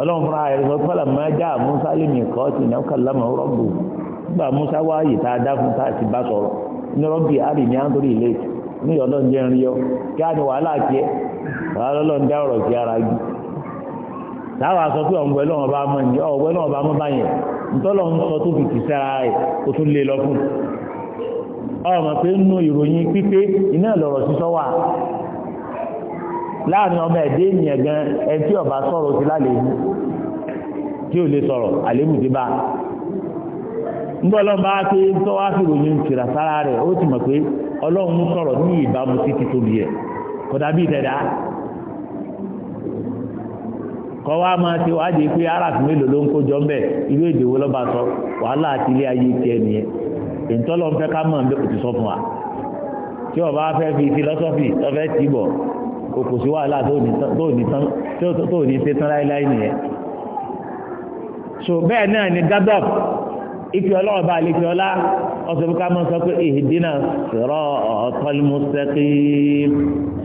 ọlọ́run fúnra rẹ̀ sọ fọlá máa já musa lèmi kọ́ sí ní ọkọ̀ lámà rọ́bù nígbà musa wá yìí tá a dá fún tá a ti bá sọ̀rọ̀ ní rọ́bì àrì ní àńtórí ilé ní ọlọ́run jẹ́ ń yọ kí á ní wàhálà tiẹ̀ wàhálà ọlọ́run dá ọ̀rọ̀ sí ara yìí táwa sọ pé ọ̀gbẹ́ náà bá mọ̀ ní ọ̀gbẹ́ náà bá mọ̀ báyẹn ntọ́lọ̀ ń sọ tó fi kì sára rẹ̀ kó tún lé lọ fún ọmọ pé nínú ìròyìn pípé iná ìlọ̀rọ̀ sísọ wà láàrin ọmọ ẹ̀dẹ́ ènìyàn gan ẹni tí ọba sọ̀rọ̀ sí tí ò lè sọ̀rọ̀ àlébù ti bá ńgbọ́ ọlọ́run bá ké tọ́ wá sí ìròyìn sára rẹ̀ ó ti mọ̀ pé ọlọ́run sọ̀rọ̀ ní ìbámu sí ti tóbi ẹ̀ bí kọ́ wá máa ti pé mélòó ló ń kójọ ń bẹ̀ èdè wo lọ́ba sọ wàhálà àti ilé ayé fẹ́ o kò sí wàhálà tó ò ní ṣe tán láíláí nìyẹn so bẹ́ẹ̀ náà ni gadab ife ọlọ́run bá lè fi ọlá ọsẹ fún ká mọ sọ pé ihdina siratal mustaqim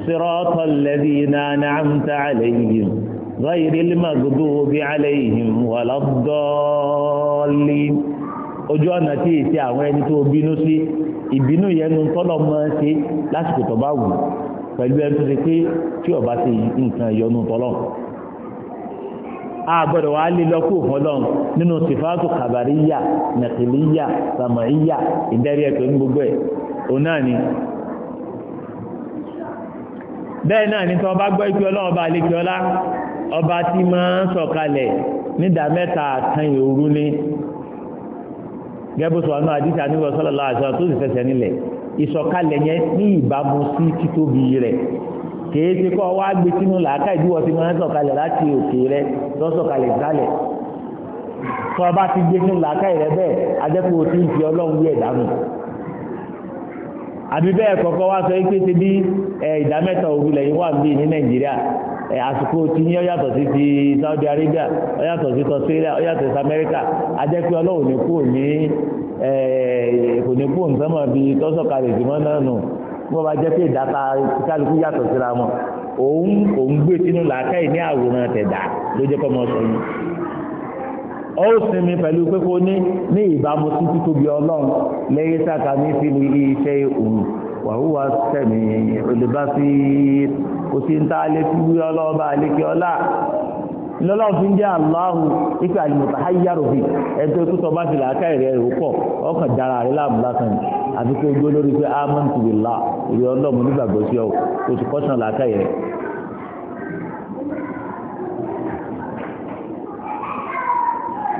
siratal ladhina an'amta alayhim ghayril maghdubi alayhim waladdallin ojú ọ̀nà tí èsì àwọn ẹni tó bínú sí ìbínú yẹn ń tọ́lọ̀ mọ́ ṣe lásìkò tó bá wù pẹ̀lú ẹni tó ṣe pé tí ọba ṣe nǹkan ìyọnu tọ́lọ́n àgbọ̀dọ̀ wà lè lọ kó fọlọ́n nínú sìfáàtù kàbàríyà nàkìlíyà sàmàíyà ìdẹ́rí ẹ̀tọ́ ní gbogbo ẹ̀ òun náà ni bẹ́ẹ̀ náà ní tí wọ́n bá gbọ́ ìpè ọlọ́run ọba àlejò ọlá ọba tí máa ń sọ̀kalẹ̀ nídà mẹ́ta kan ìrú ni gẹ́gbẹ́sọ̀ àánú àdìsí àníwọ̀ sọ́lọ́lá àṣọ tó sì fẹsẹ̀ nílẹ̀ ìsọ̀kalẹ̀ yẹn ní ìbámu sí títóbi rẹ̀ kèé ti kọ́ wá gbé sínú làákà ìdíwọ́ ti máa ń sọ̀kalẹ̀ láti òkè rẹ̀ lọ sọ̀kalẹ̀ sálẹ̀ tó o bá ti gbé sínú làákà rẹ̀ bẹ́ẹ̀ adẹ́kùn òtí ìfi ọlọ́run yẹ̀ dànù àbí bẹ́ẹ̀ kọ̀ọ̀kan wá sọ pé ti bí ìdámẹ́ta òru lẹ́yìn wà bí ní nàìjíríà àsìkò tí ní ó sí ti Saudi Arabia ó sí tọ́síríà ó sí Amẹ́ríkà adẹ́kùn ọlọ́run ní kúrò ní Eh, kò ní kó nǹkan mọ̀ bí tọ́sọ̀kalẹ̀ ìgbìmọ̀ náà nù wọ́n bá jẹ́ pé ìdáta kálukú yàtọ̀ síra wọn òun òun gbé sínú làákàyè ní àwòrán tẹ̀dá ló jẹ́ kọ́ mọ́ sọ yìí ó sinmi pẹ̀lú pé kó ní ní ìbámu sí títóbi ọlọ́run lẹ́yìn sáka ní sílu iṣẹ́ òun wàhùwà sẹ̀mí olùbásí kò sí ń tá a lé fi wí ọlọ́ọ̀bá àlékè ọlá lọ́lọ́ fi ń jẹ́ aláhu ipe àlùmọ̀tà ayáròfin ẹ̀tọ́ tó tọ́ bá ti làákà ìrẹ́ rẹ̀ pọ̀ ọkàn dára rẹ̀ láàmú lásán ni àti pé ojú olórí pé amọ́n ti wìlá ìrẹ́ ọlọ́mù nígbàgbọ́ sí ọ oṣù kọ́sàn làákà ìrẹ́.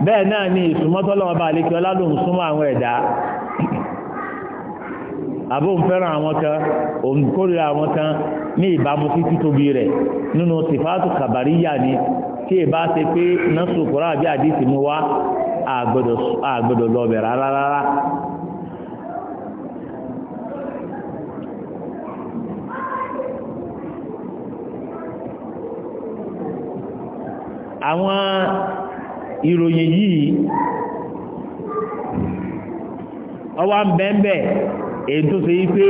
bẹ́ẹ̀ náà ni ìsúmọ́tọ́lọ́wọ́ bá àlékí ọlá lòun súnmọ́ àwọn ẹ̀dá àbó ń fẹ́ràn àwọn kan òun kórìíra àwọn kan ní ìbámu títí tóbi rẹ̀ nínú tìfáàtù kàbàríyà ni tí ìbá ṣe pé nọ́ọ̀sù kúrò àbí àdìsí mú wá àgbọ̀dọ̀ lọ́bẹ̀ rárá rárá. àwọn ìròyìn yìí ọwá ń bẹ́ẹ̀bẹ̀ èyí tó ṣe yí pé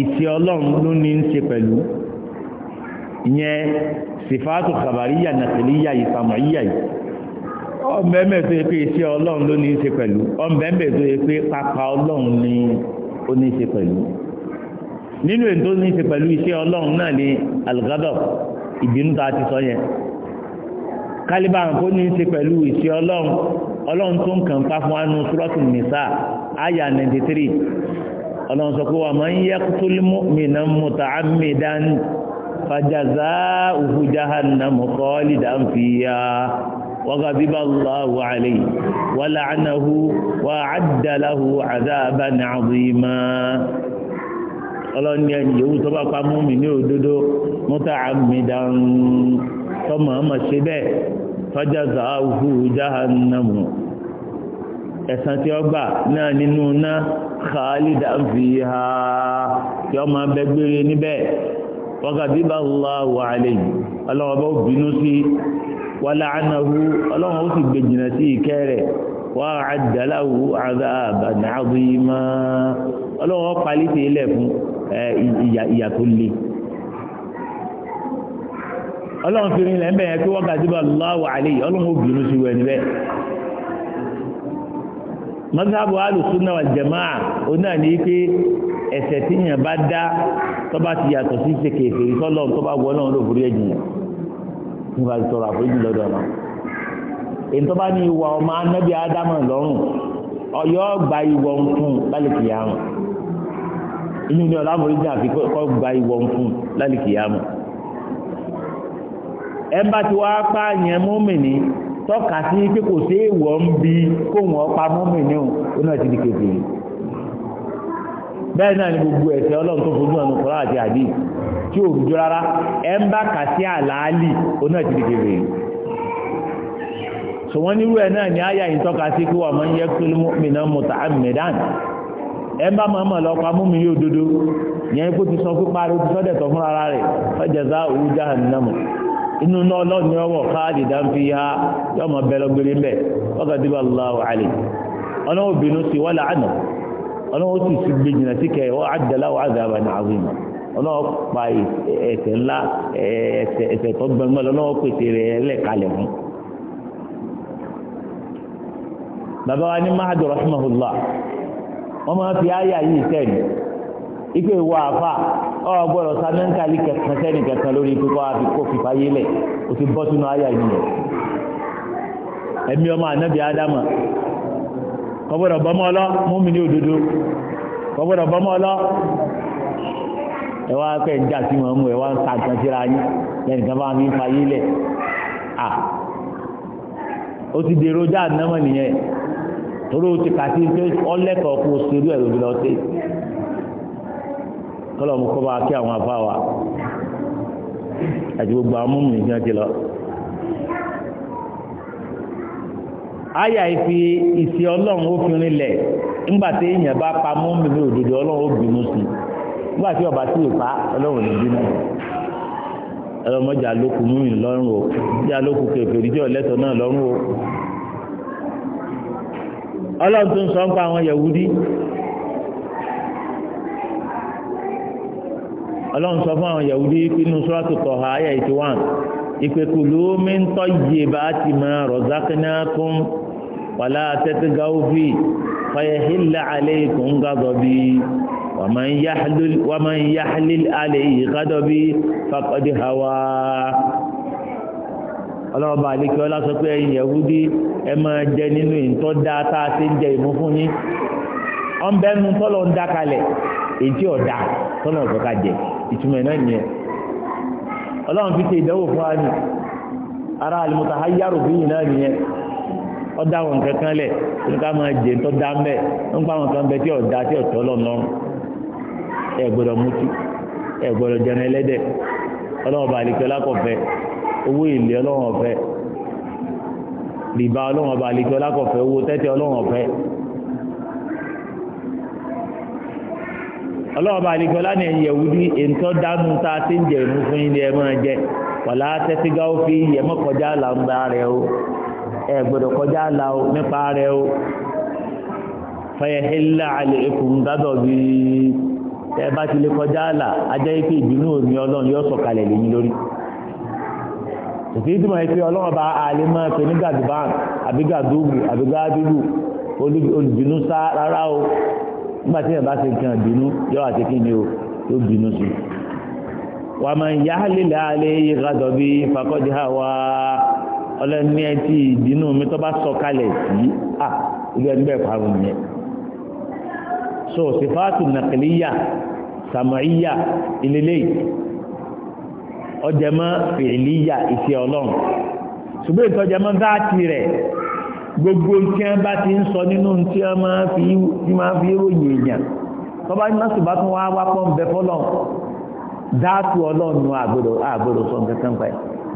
ìṣẹ́ ọlọ́run ló ní ń ṣe pẹ̀lú ìyẹn sìfáàtù kàbàríyà nàtìlíyà ìsàmùíyà yìí ọ̀nbẹ́mẹ̀ tó yẹ pé iṣẹ́ ọlọ́run ló ní í ṣe pẹ̀lú ọ̀nbẹ́mẹ̀ tó yẹ pé pápá ọlọ́run ni ó ní í ṣe pẹ̀lú nínú èyí tó ní í ṣe pẹ̀lú iṣẹ́ ọlọ́run náà ni algadab ìbínú tá a ti sọ yẹn kálíbà kó ní í ṣe pẹ̀lú iṣẹ́ ọlọ́run ọlọ́run tó ń kàn pa fún anú sùrọ́tù nìsà àyà 93 ọlọ́run sọ pé wà máa ń yaqtul mu'minan muta'ammidan فجزاؤه جهنم خالدا فيها وغضب الله عليه ولعنه وأعد له عذابا عظيما ọlọ́ni ẹni yòówù tó bá pa mú mi ní òdodo mọ́tà àmìdàn tọmọ ọmọ ṣe bẹ́ẹ̀ tọ́jà zàáhù jahannamu ẹ̀sán tí ó gbà náà nínú náà khalida fiha tí ó máa bẹ́gbére níbẹ̀ wàgàdìbà Allahu alayhi ọlọ́wọ́ bá bínú sí wàláàánáhu ọlọ́wọ́ ó sì gbé jìnà sí ìkẹ́ rẹ̀ wà àdàláhu adhaban adhima ọlọ́wọ́ palí sí ilẹ̀ fún ìyà tó le ọlọ́wọ́ fi rinlẹ̀ ń alùsùn náà jẹ̀máà ó ní pé ẹ̀ṣẹ̀ tí yàn bá dá tó bá ti yàtọ̀ sí ṣe kèfè sọ́lọ̀ tó bá wọ náà ló forí ẹ̀jì yàn nípa ìtọ̀rọ̀ àforíjì lọ́dọ̀ ọ̀nà èyí tó bá ní ìwà ọmọ anábì ádámọ̀ lọ́rùn ọ̀yọ́ gba ìwọ̀ ń fún lálẹ́kì yàmù inú ni ọ̀la àforíjì àfi kọ́ gba ìwọ̀ ń fún lálẹ́kì yàmù ẹ̀ ń bá ti wá mọ́mìnì tọ́ka sí pé kò sí èèwọ̀ ń bi kóhùn ọ̀pá mọ́mìnì òun náà ti di kékeré bẹ́ẹ̀ náà ni gbogbo ẹ̀sẹ̀ ọlọ́run tó fojú ọ̀nà kọ́lá àti àdí tí ò rújú rárá ẹ ń bá kà àlàálì oná ti sọ wọ́n nírú ẹ̀ náà ni àyà yìí sí kí wọ́n máa ń yẹ kílí mìíràn mọ̀tà mẹ́dán ẹ ń bá máa mọ̀ lọ́pàá mú mi yóò dodo yẹn kó ti sọ pé ọlọ́wọ́ sì fi gbé jìnnà sí kẹwàá àdàláwọ̀ àdàbà ní àwìmọ̀ ọlọ́wọ́ pa ẹ̀ṣẹ̀ ńlá ẹ̀ṣẹ̀ tó gbẹmọ́ lọ́wọ́ pèsè rẹ̀ ẹlẹ́kalẹ̀ fún. bàbá wa ní mahadu rahimahullah wọ́n máa fi àyà yìí sẹ́ni ipe ìwọ àfa ọ gbọ́dọ̀ sa mẹ́ńtàlì kẹsàn sẹ́ni kẹsàn lórí pípọ́ àfi kó fìfà yélẹ̀ o ti bọ́ sínú àyà yìí ẹ̀mí ọmọ ànábì ádámà kọbọ̀dọ̀ bọ́mọ́ ọlọ́ múmi ní òdodo kọbọ̀dọ̀ bọ́mọ́ ọlọ́ ẹwà pẹ̀ ń jà sí wọn mú ẹwà ń sàtàn síra yín lẹ́nìkan bá mi ń fayé lẹ̀ à ó ti dèrò já ànámọ̀ nìyẹn torí o ti kàtí pé ọlẹ́kọ̀ọ́ kó o ṣerú ẹ̀ lóbi lọ́tẹ́ kọ́lọ̀ mú kọ́ bá kí àwọn afáwà àti gbogbo àwọn múmi nìkan ti lọ. àyà ìfi isi ọlọ́run fi rinlẹ̀ nígbà tí èèyàn bá pa mú mi ní òdodo ọlọ́run ó bínú sí nígbà tí ọba tí ọlọ́run bínú o náà lọ́rùn o ọlọ́run tó ń sọ ń pa àwọn yẹ̀wúdí ọlọ́run sọ fún àwọn yẹ̀wúdí sọ́ọ́tù tọ̀hà ìpèkùlù ń tọ́ yé bá wàlá tẹ́tígáwó fi fayahila aleikum gadobi wàmán yahlil aleihi gadobi fakọ́dí hawa ọlọ́ọ̀bà àlékí ọlá sọ pé ẹ̀yin yẹ̀wúdí ẹ máa jẹ nínú ìtọ́ dáa tá a ti ń jẹ ìmú fún yín ọ̀n bẹ́nu tọ́lọ̀ ń dákalẹ̀ èyí ọ̀dà tọ́lọ̀ ń fọ́ka jẹ ìtumọ̀ náà nìyẹn ọlọ́run fi ṣe ìdánwò fún wa ní ara àlùmọ́tà ayárò bí yìí náà nìyẹn ọ̀dà àwọn nǹkan kan lẹ̀ nípa máa jẹ tó dá mẹ́ nípa àwọn kan bẹ tí ọ̀dà tí ọ̀tọ́ lọ́nà ẹ gbọ́dọ̀ mutí ẹ gbọ́dọ̀ jẹun ẹlẹ́dẹ̀ ọlọ́run bá àlekẹ́ ọlákọ̀fẹ́ owó èlé ọlọ́run ọ̀fẹ́ rìbá ọlọ́run bá àlekẹ́ ọlákọ̀fẹ́ owó tẹ́tẹ́ ọlọ́run ọ̀fẹ́ ọlọ́run bá àlekẹ́ ọlá ní ẹ̀yẹ̀ wúdí èntọ́ dánú tá a ti ń jẹ ìmú fún yín ni ẹ máa jẹ wàlá tẹ́sígáwó fi yẹ mọ́kọjá làǹbà rẹ̀ o. ẹ kọjá la o nípa rẹ̀ o fẹ́yẹ̀ àlè bí ẹ bá ti lè kọjá ajẹ́ pé ìbínú òní ọlọ́run yóò sọ̀kalẹ̀ lẹ́yìn lórí ọlọ́run bá àlè máa ní gàdúbàn àbí gàdúbù àbí gàdúbù olùbínú sá rárá o ẹ bá kàn bínú yóò àti kí ni o yóò bínú sí i bí hà wá. ọlọ́ni ẹ ti ìdínú mi tó bá sọ kalẹ̀ sí à ilé ẹni bẹ́ẹ̀ parun yẹn so sifaatu nakiliya samaiya ilele ọjẹmọ fìlíya iṣẹ́ Ọlọ́run ṣùgbọ́n ìtọ́jẹmọ dáàtì rẹ̀ gbogbo tí wọn bá ti ń sọ nínú tí wọn máa fi tí wọn fi ròyìn èèyàn tọ́ba ní nọ́ọ̀sì bá tún wá wá pọ́ńbẹ́ fọlọ́n dáàtì Ọlọ́run àgbèrò àgbèrò sọ̀nkẹ́kẹ́ ń pa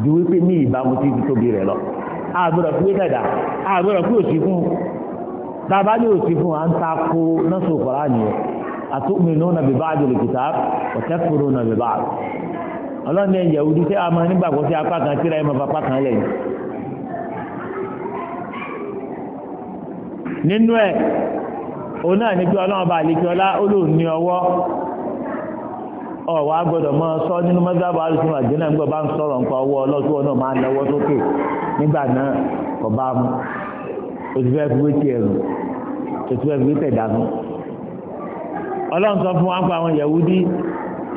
ju wípé ní ìbámu tí ti tóbi rẹ̀ lọ àgbọ̀dọ̀ fún wípẹ̀dà àgbọ̀dọ̀ fún òsì fún bàbá ní òsì fún à ń ta ko nọ́ọ̀sì òkọ̀rá nìyẹn àtúnmínú na bèbá àjòlè kìtà ọ̀tẹ́kùrú na bèbá ọlọ́ni ẹ̀ yẹ̀wùdí tẹ́ àmọ́ nígbàgbọ́ sí apá kan síra ẹ̀ mọ́ apá kan lẹ́yìn nínú ẹ̀ òun náà ní kí ọlọ́run bá àlejò ọlá ó lóun ní ọwọ́ ọ̀wà gbọ́dọ̀ mọ́ sọ nínú mọ́sáàbà alùsùn àjẹ́nà ń gbọ́ bá ń sọ̀rọ̀ nǹkan ọwọ́ ọlọ́sùn náà máa náwó sókè nígbà náà kò bá mu òtún fẹ́ fi wé tiẹ̀ rù òtún fẹ́ fi wé tẹ̀dánù. ọlọ́run sọ fún wa ń pa àwọn yahudi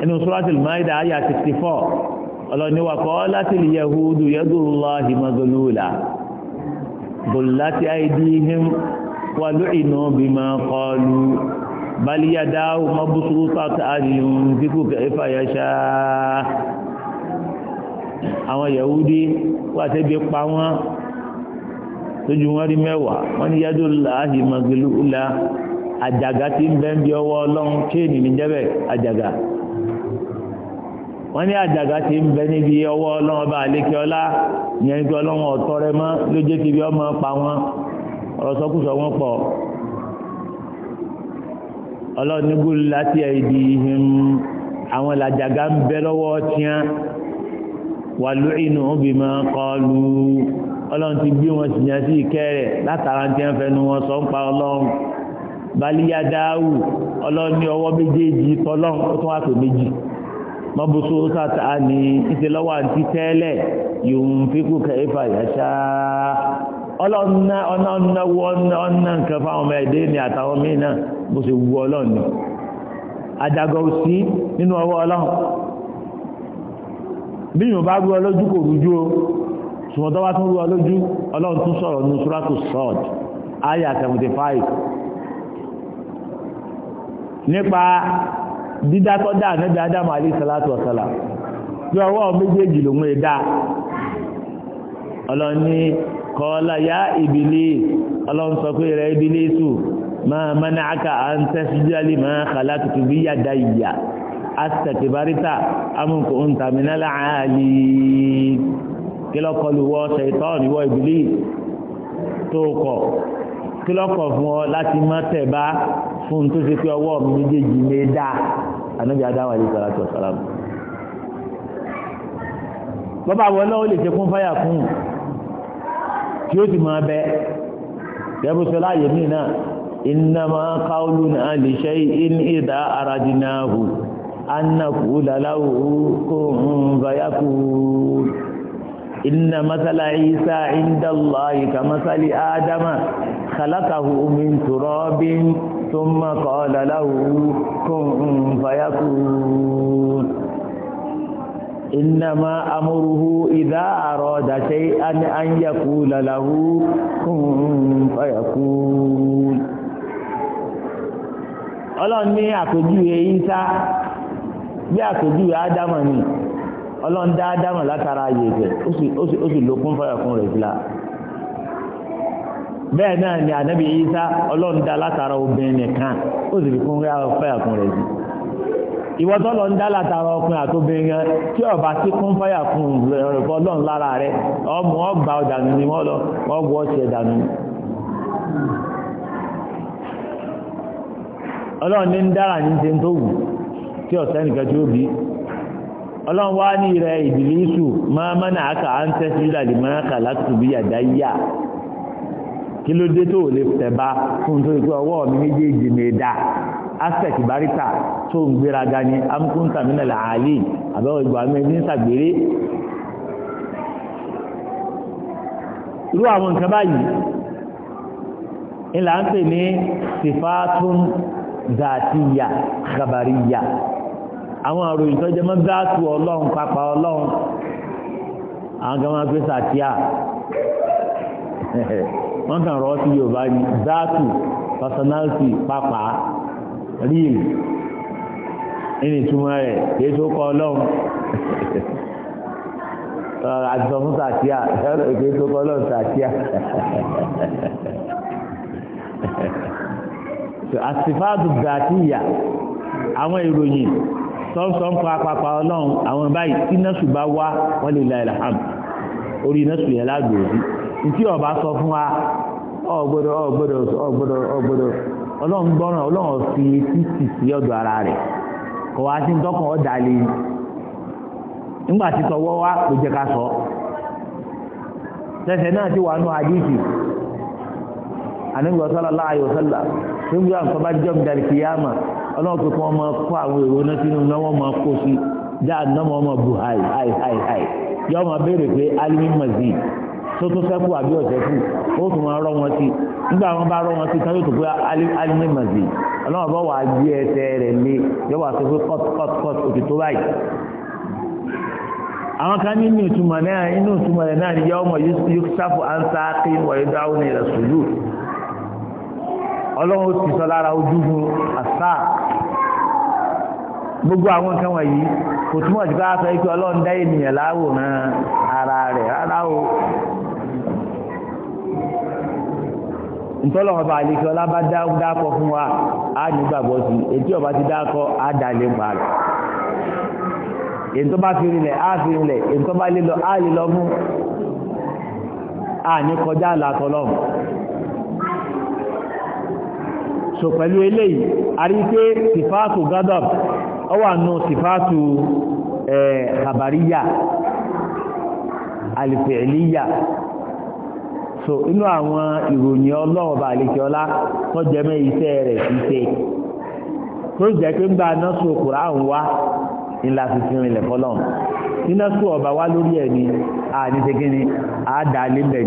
inú suratul maida ayà sixty four ọlọ́ni wa qalatil yahudu yadullahi maghlula baliyada mabusu tata aliyun fiku kaifa ya sha àwọn yahudi wà tẹ́bi pa wọ́n tójú wọn rí mẹ́wàá wọ́n ní yadu lahi magilula àjàgà tí ń bẹ ń bí ọwọ́ ọlọ́run kéènì ní jẹ́bẹ̀ àjàgà wọ́n ní àjàgà tí ń bẹ níbi ọwọ́ ọlọ́run ọba àlékè ọlá ìyẹn ní ọlọ́run ọ̀tọ́ rẹ mọ́ ló jẹ́ kí ibi ọmọ pa wọ́n ọ̀rọ̀ sọ́kùsọ wọn pọ̀ ọlọ́nigú láti ẹ̀dì ihim àwọn làjàgá ń bẹ lọ́wọ́ tíán wà lóyìn òbí máa kọlu ọlọ́run ti gbé wọn tìyàn sí ìkẹ́ rẹ̀ látara tí wọ́n fẹnu wọn sọ ń pa ọlọ́run balíyadáwù ọlọ́run ní ọwọ́ méjèèjì tọ́lọ́run ó tún wá pè méjì mọ́bùsù sátà ní ìṣẹ́lọ́wọ́ àti tẹ́lẹ̀ yòówù fíkù kẹ́ẹ́fà yàtsáà ọlọ́nà ọ̀nà ọ̀nà ọ̀nà nǹkan fáwọn ọmọ ẹ̀dẹ́ ni àtàwọn míì náà bó ṣe wu ọlọ́run ni àjàgọ̀ sí nínú ọwọ́ ọlọ́run bí yìnbọn bá rú ọ lójú kò rújú o ṣùgbọ́n tó bá tún rú ọ ọlọ́run tún sọ̀rọ̀ ní suratu sọ́ọ̀d ayà 75 nípa dídátọ́ dá ànábì ádámù alayhi salatu wa salam bí ọwọ́ méjèèjì lòún lè dá kọ́ọ́lá yá ìbílí ọlọ́run sọ pé rẹ̀ ìbílí sù máa mẹ́ni aka à ń tẹ́síjálì máa kàlá tutù bí yàda ìyà àtẹ̀tẹ̀bárítà amúnkò ń tàmínà láàálì kílọ̀kọlù wọ ṣètọ́ ìwọ ìbílí tó kọ̀ kílọ̀kọ̀ fún ọ láti má tẹ̀ bá fún tó ṣe pé ọwọ́ mi méjèèjì lè dá ànábi adáwà àdìsí salatu wa salam bọ́bá wọlé ó lè ṣe fún fáyà fún un tí ó ti máa bẹ yẹ́bùsọ láàyè mí náà innama qawluna li shay'in idha aradnahu an naqula lahu kun fayakun inna mathala Isa inda Allahi kamathali Adama khalaqahu min turabin thumma qala lahu kun fayakun ìnàmà amúrúhu ìdá àrọ̀ dàṣẹ́ àyẹ̀kú làlàhú kún fàyẹ̀kú. ọlọ́run ní àpèjúwe Ìsá bí àpèjúwe ádámà ni ọlọ́run dá ádámà látara yèèfẹ̀ ó sì lò kún fàyẹ̀kún rẹ̀ fìlà bẹ́ẹ̀ náà ni ànábì Ìsá ọlọ́run dá látara obìnrin nìkan ó sì fi kún fàyẹ̀kún rẹ̀ sí ìwọ tó lọ ń dá ọkùnrin àtòbìnrin yẹn tí ọba tí kún fáyà fún lọ́n lára rẹ ọmọ ọgbà ọ̀dànù ni wọ́n lọ wọ́n wọ́ ọ̀sẹ̀ ọ̀dànù. ọlọ́run ní ń dára ní ṣe tó wù tí ọ̀sẹ̀ nìkan tí ó bí ọlọ́run wá ní máa àkà á ń tẹ́sí àdáyà kí ló dé tó lè tẹ̀ba fún tó ikú ọwọ́ mi méjèèjì mi dá aspect barita tó ń gbéraga ni amúkúntà mi nàlẹ́ àlè àbẹ̀wò ìgbà mi ní sàgbére. irú àwọn nǹkan báyìí ńlá ń pè ní sifatun zatiya khabariya àwọn àròyìn tó jẹmọ́ dáàtù ọlọ́run pápá ọlọ́run àwọn kan máa ń pè sàtíà wọ́n kàn rọ́ sí yorùbá ní zaatu personality pápá real nínú ìtumọ̀ rẹ̀ kí èso kọ ọlọ́run àjọ *laughs* fún sàtíà *laughs* kí èso kọ ọlọ́run sàtíà *laughs* àsìfáàdù zàtíyà àwọn ìròyìn sọ́ọ̀sọ́ ń pa apapa ọlọ́run àwọn báyìí tí nọ́ọ̀sù bá wá wọ́n lè la ìlàhàm orí nọ́ọ̀sù yẹn lágbèrè ntí ọba sọ fún wa ọgbọdọ ọgbọdọ ọgbọdọ ọgbọdọ ọlọ́run gbọ́ràn ọlọ́run fi títì sí ọ̀dọ̀ ara rẹ̀ kọ̀ wá sí ntọ́kàn ọ̀dà lè nígbà tí tọwọ́ wá kò jẹ́ ká sọ tẹsẹ̀ náà ti wà nù àdìsí tó ń gbé àwọn kó àwọn èrò náà sínú kó sí bu hàì hàì tó tó sẹ́kù àbí ọ̀sẹ̀ kù ó tún máa rọ́ wọn sí nígbà wọn bá rọ́ wọn sí kan yóò tó pé alimẹ́màzì ọlọ́run bá wàá gbé ẹsẹ̀ rẹ̀ lé yóò wá sọ pé cut cut cut òtì tó báyìí. àwọn kan nínú ìtumọ̀ náà inú ìtumọ̀ rẹ̀ náà ni yọ ọmọ yusufu ansa kí wọ́n dá òun ilẹ̀ sùdù ọlọ́run ti sọ lára ojú fún àṣà gbogbo àwọn nǹkan wọ̀nyí kò túmọ̀ sí ká sọ ikú ọlọ́run dá ènìyàn láwòrán ara rẹ̀ rárá o. ntọ́lọ́wọ́ bá àlekí ọlá bá dákọ̀ fún wa á ní gbàgbọ́ sí ètí ọba ti dákọ̀ á dalẹ̀ pa rẹ̀ èntọ́ bá fi rinlẹ̀ á fi rinlẹ̀ èntọ́ bá lé lọ á lè lọ mú á kọjá àlàtọ́lọ́mù so pẹ̀lú eléyìí a rí pé sifáàtù gadab ọ wà nù sifáàtù ẹ̀ eh, àbáríyà alìfẹ̀ẹ́líyà so inú àwọn ìròyìn ọlọ́run balẹ̀kẹ́ ọlá jẹ ise iṣẹ́ rẹ̀ ṣíṣe tó jẹ́ pé ń gba nọ́ọ̀sù òkúra ń wá ńlá tuntun ilẹ̀ fọlọ́n iná sùn wá lórí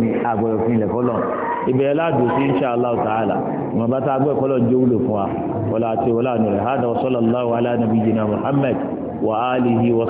ni àgbọ̀rọ̀ fún ilẹ̀ fọlọ́n ìbẹ̀rẹ̀ láàdùn sí tá a gbọ́ ìfọlọ́n jẹ́ wúlò fún wa wọlá àti wọlá alihi wa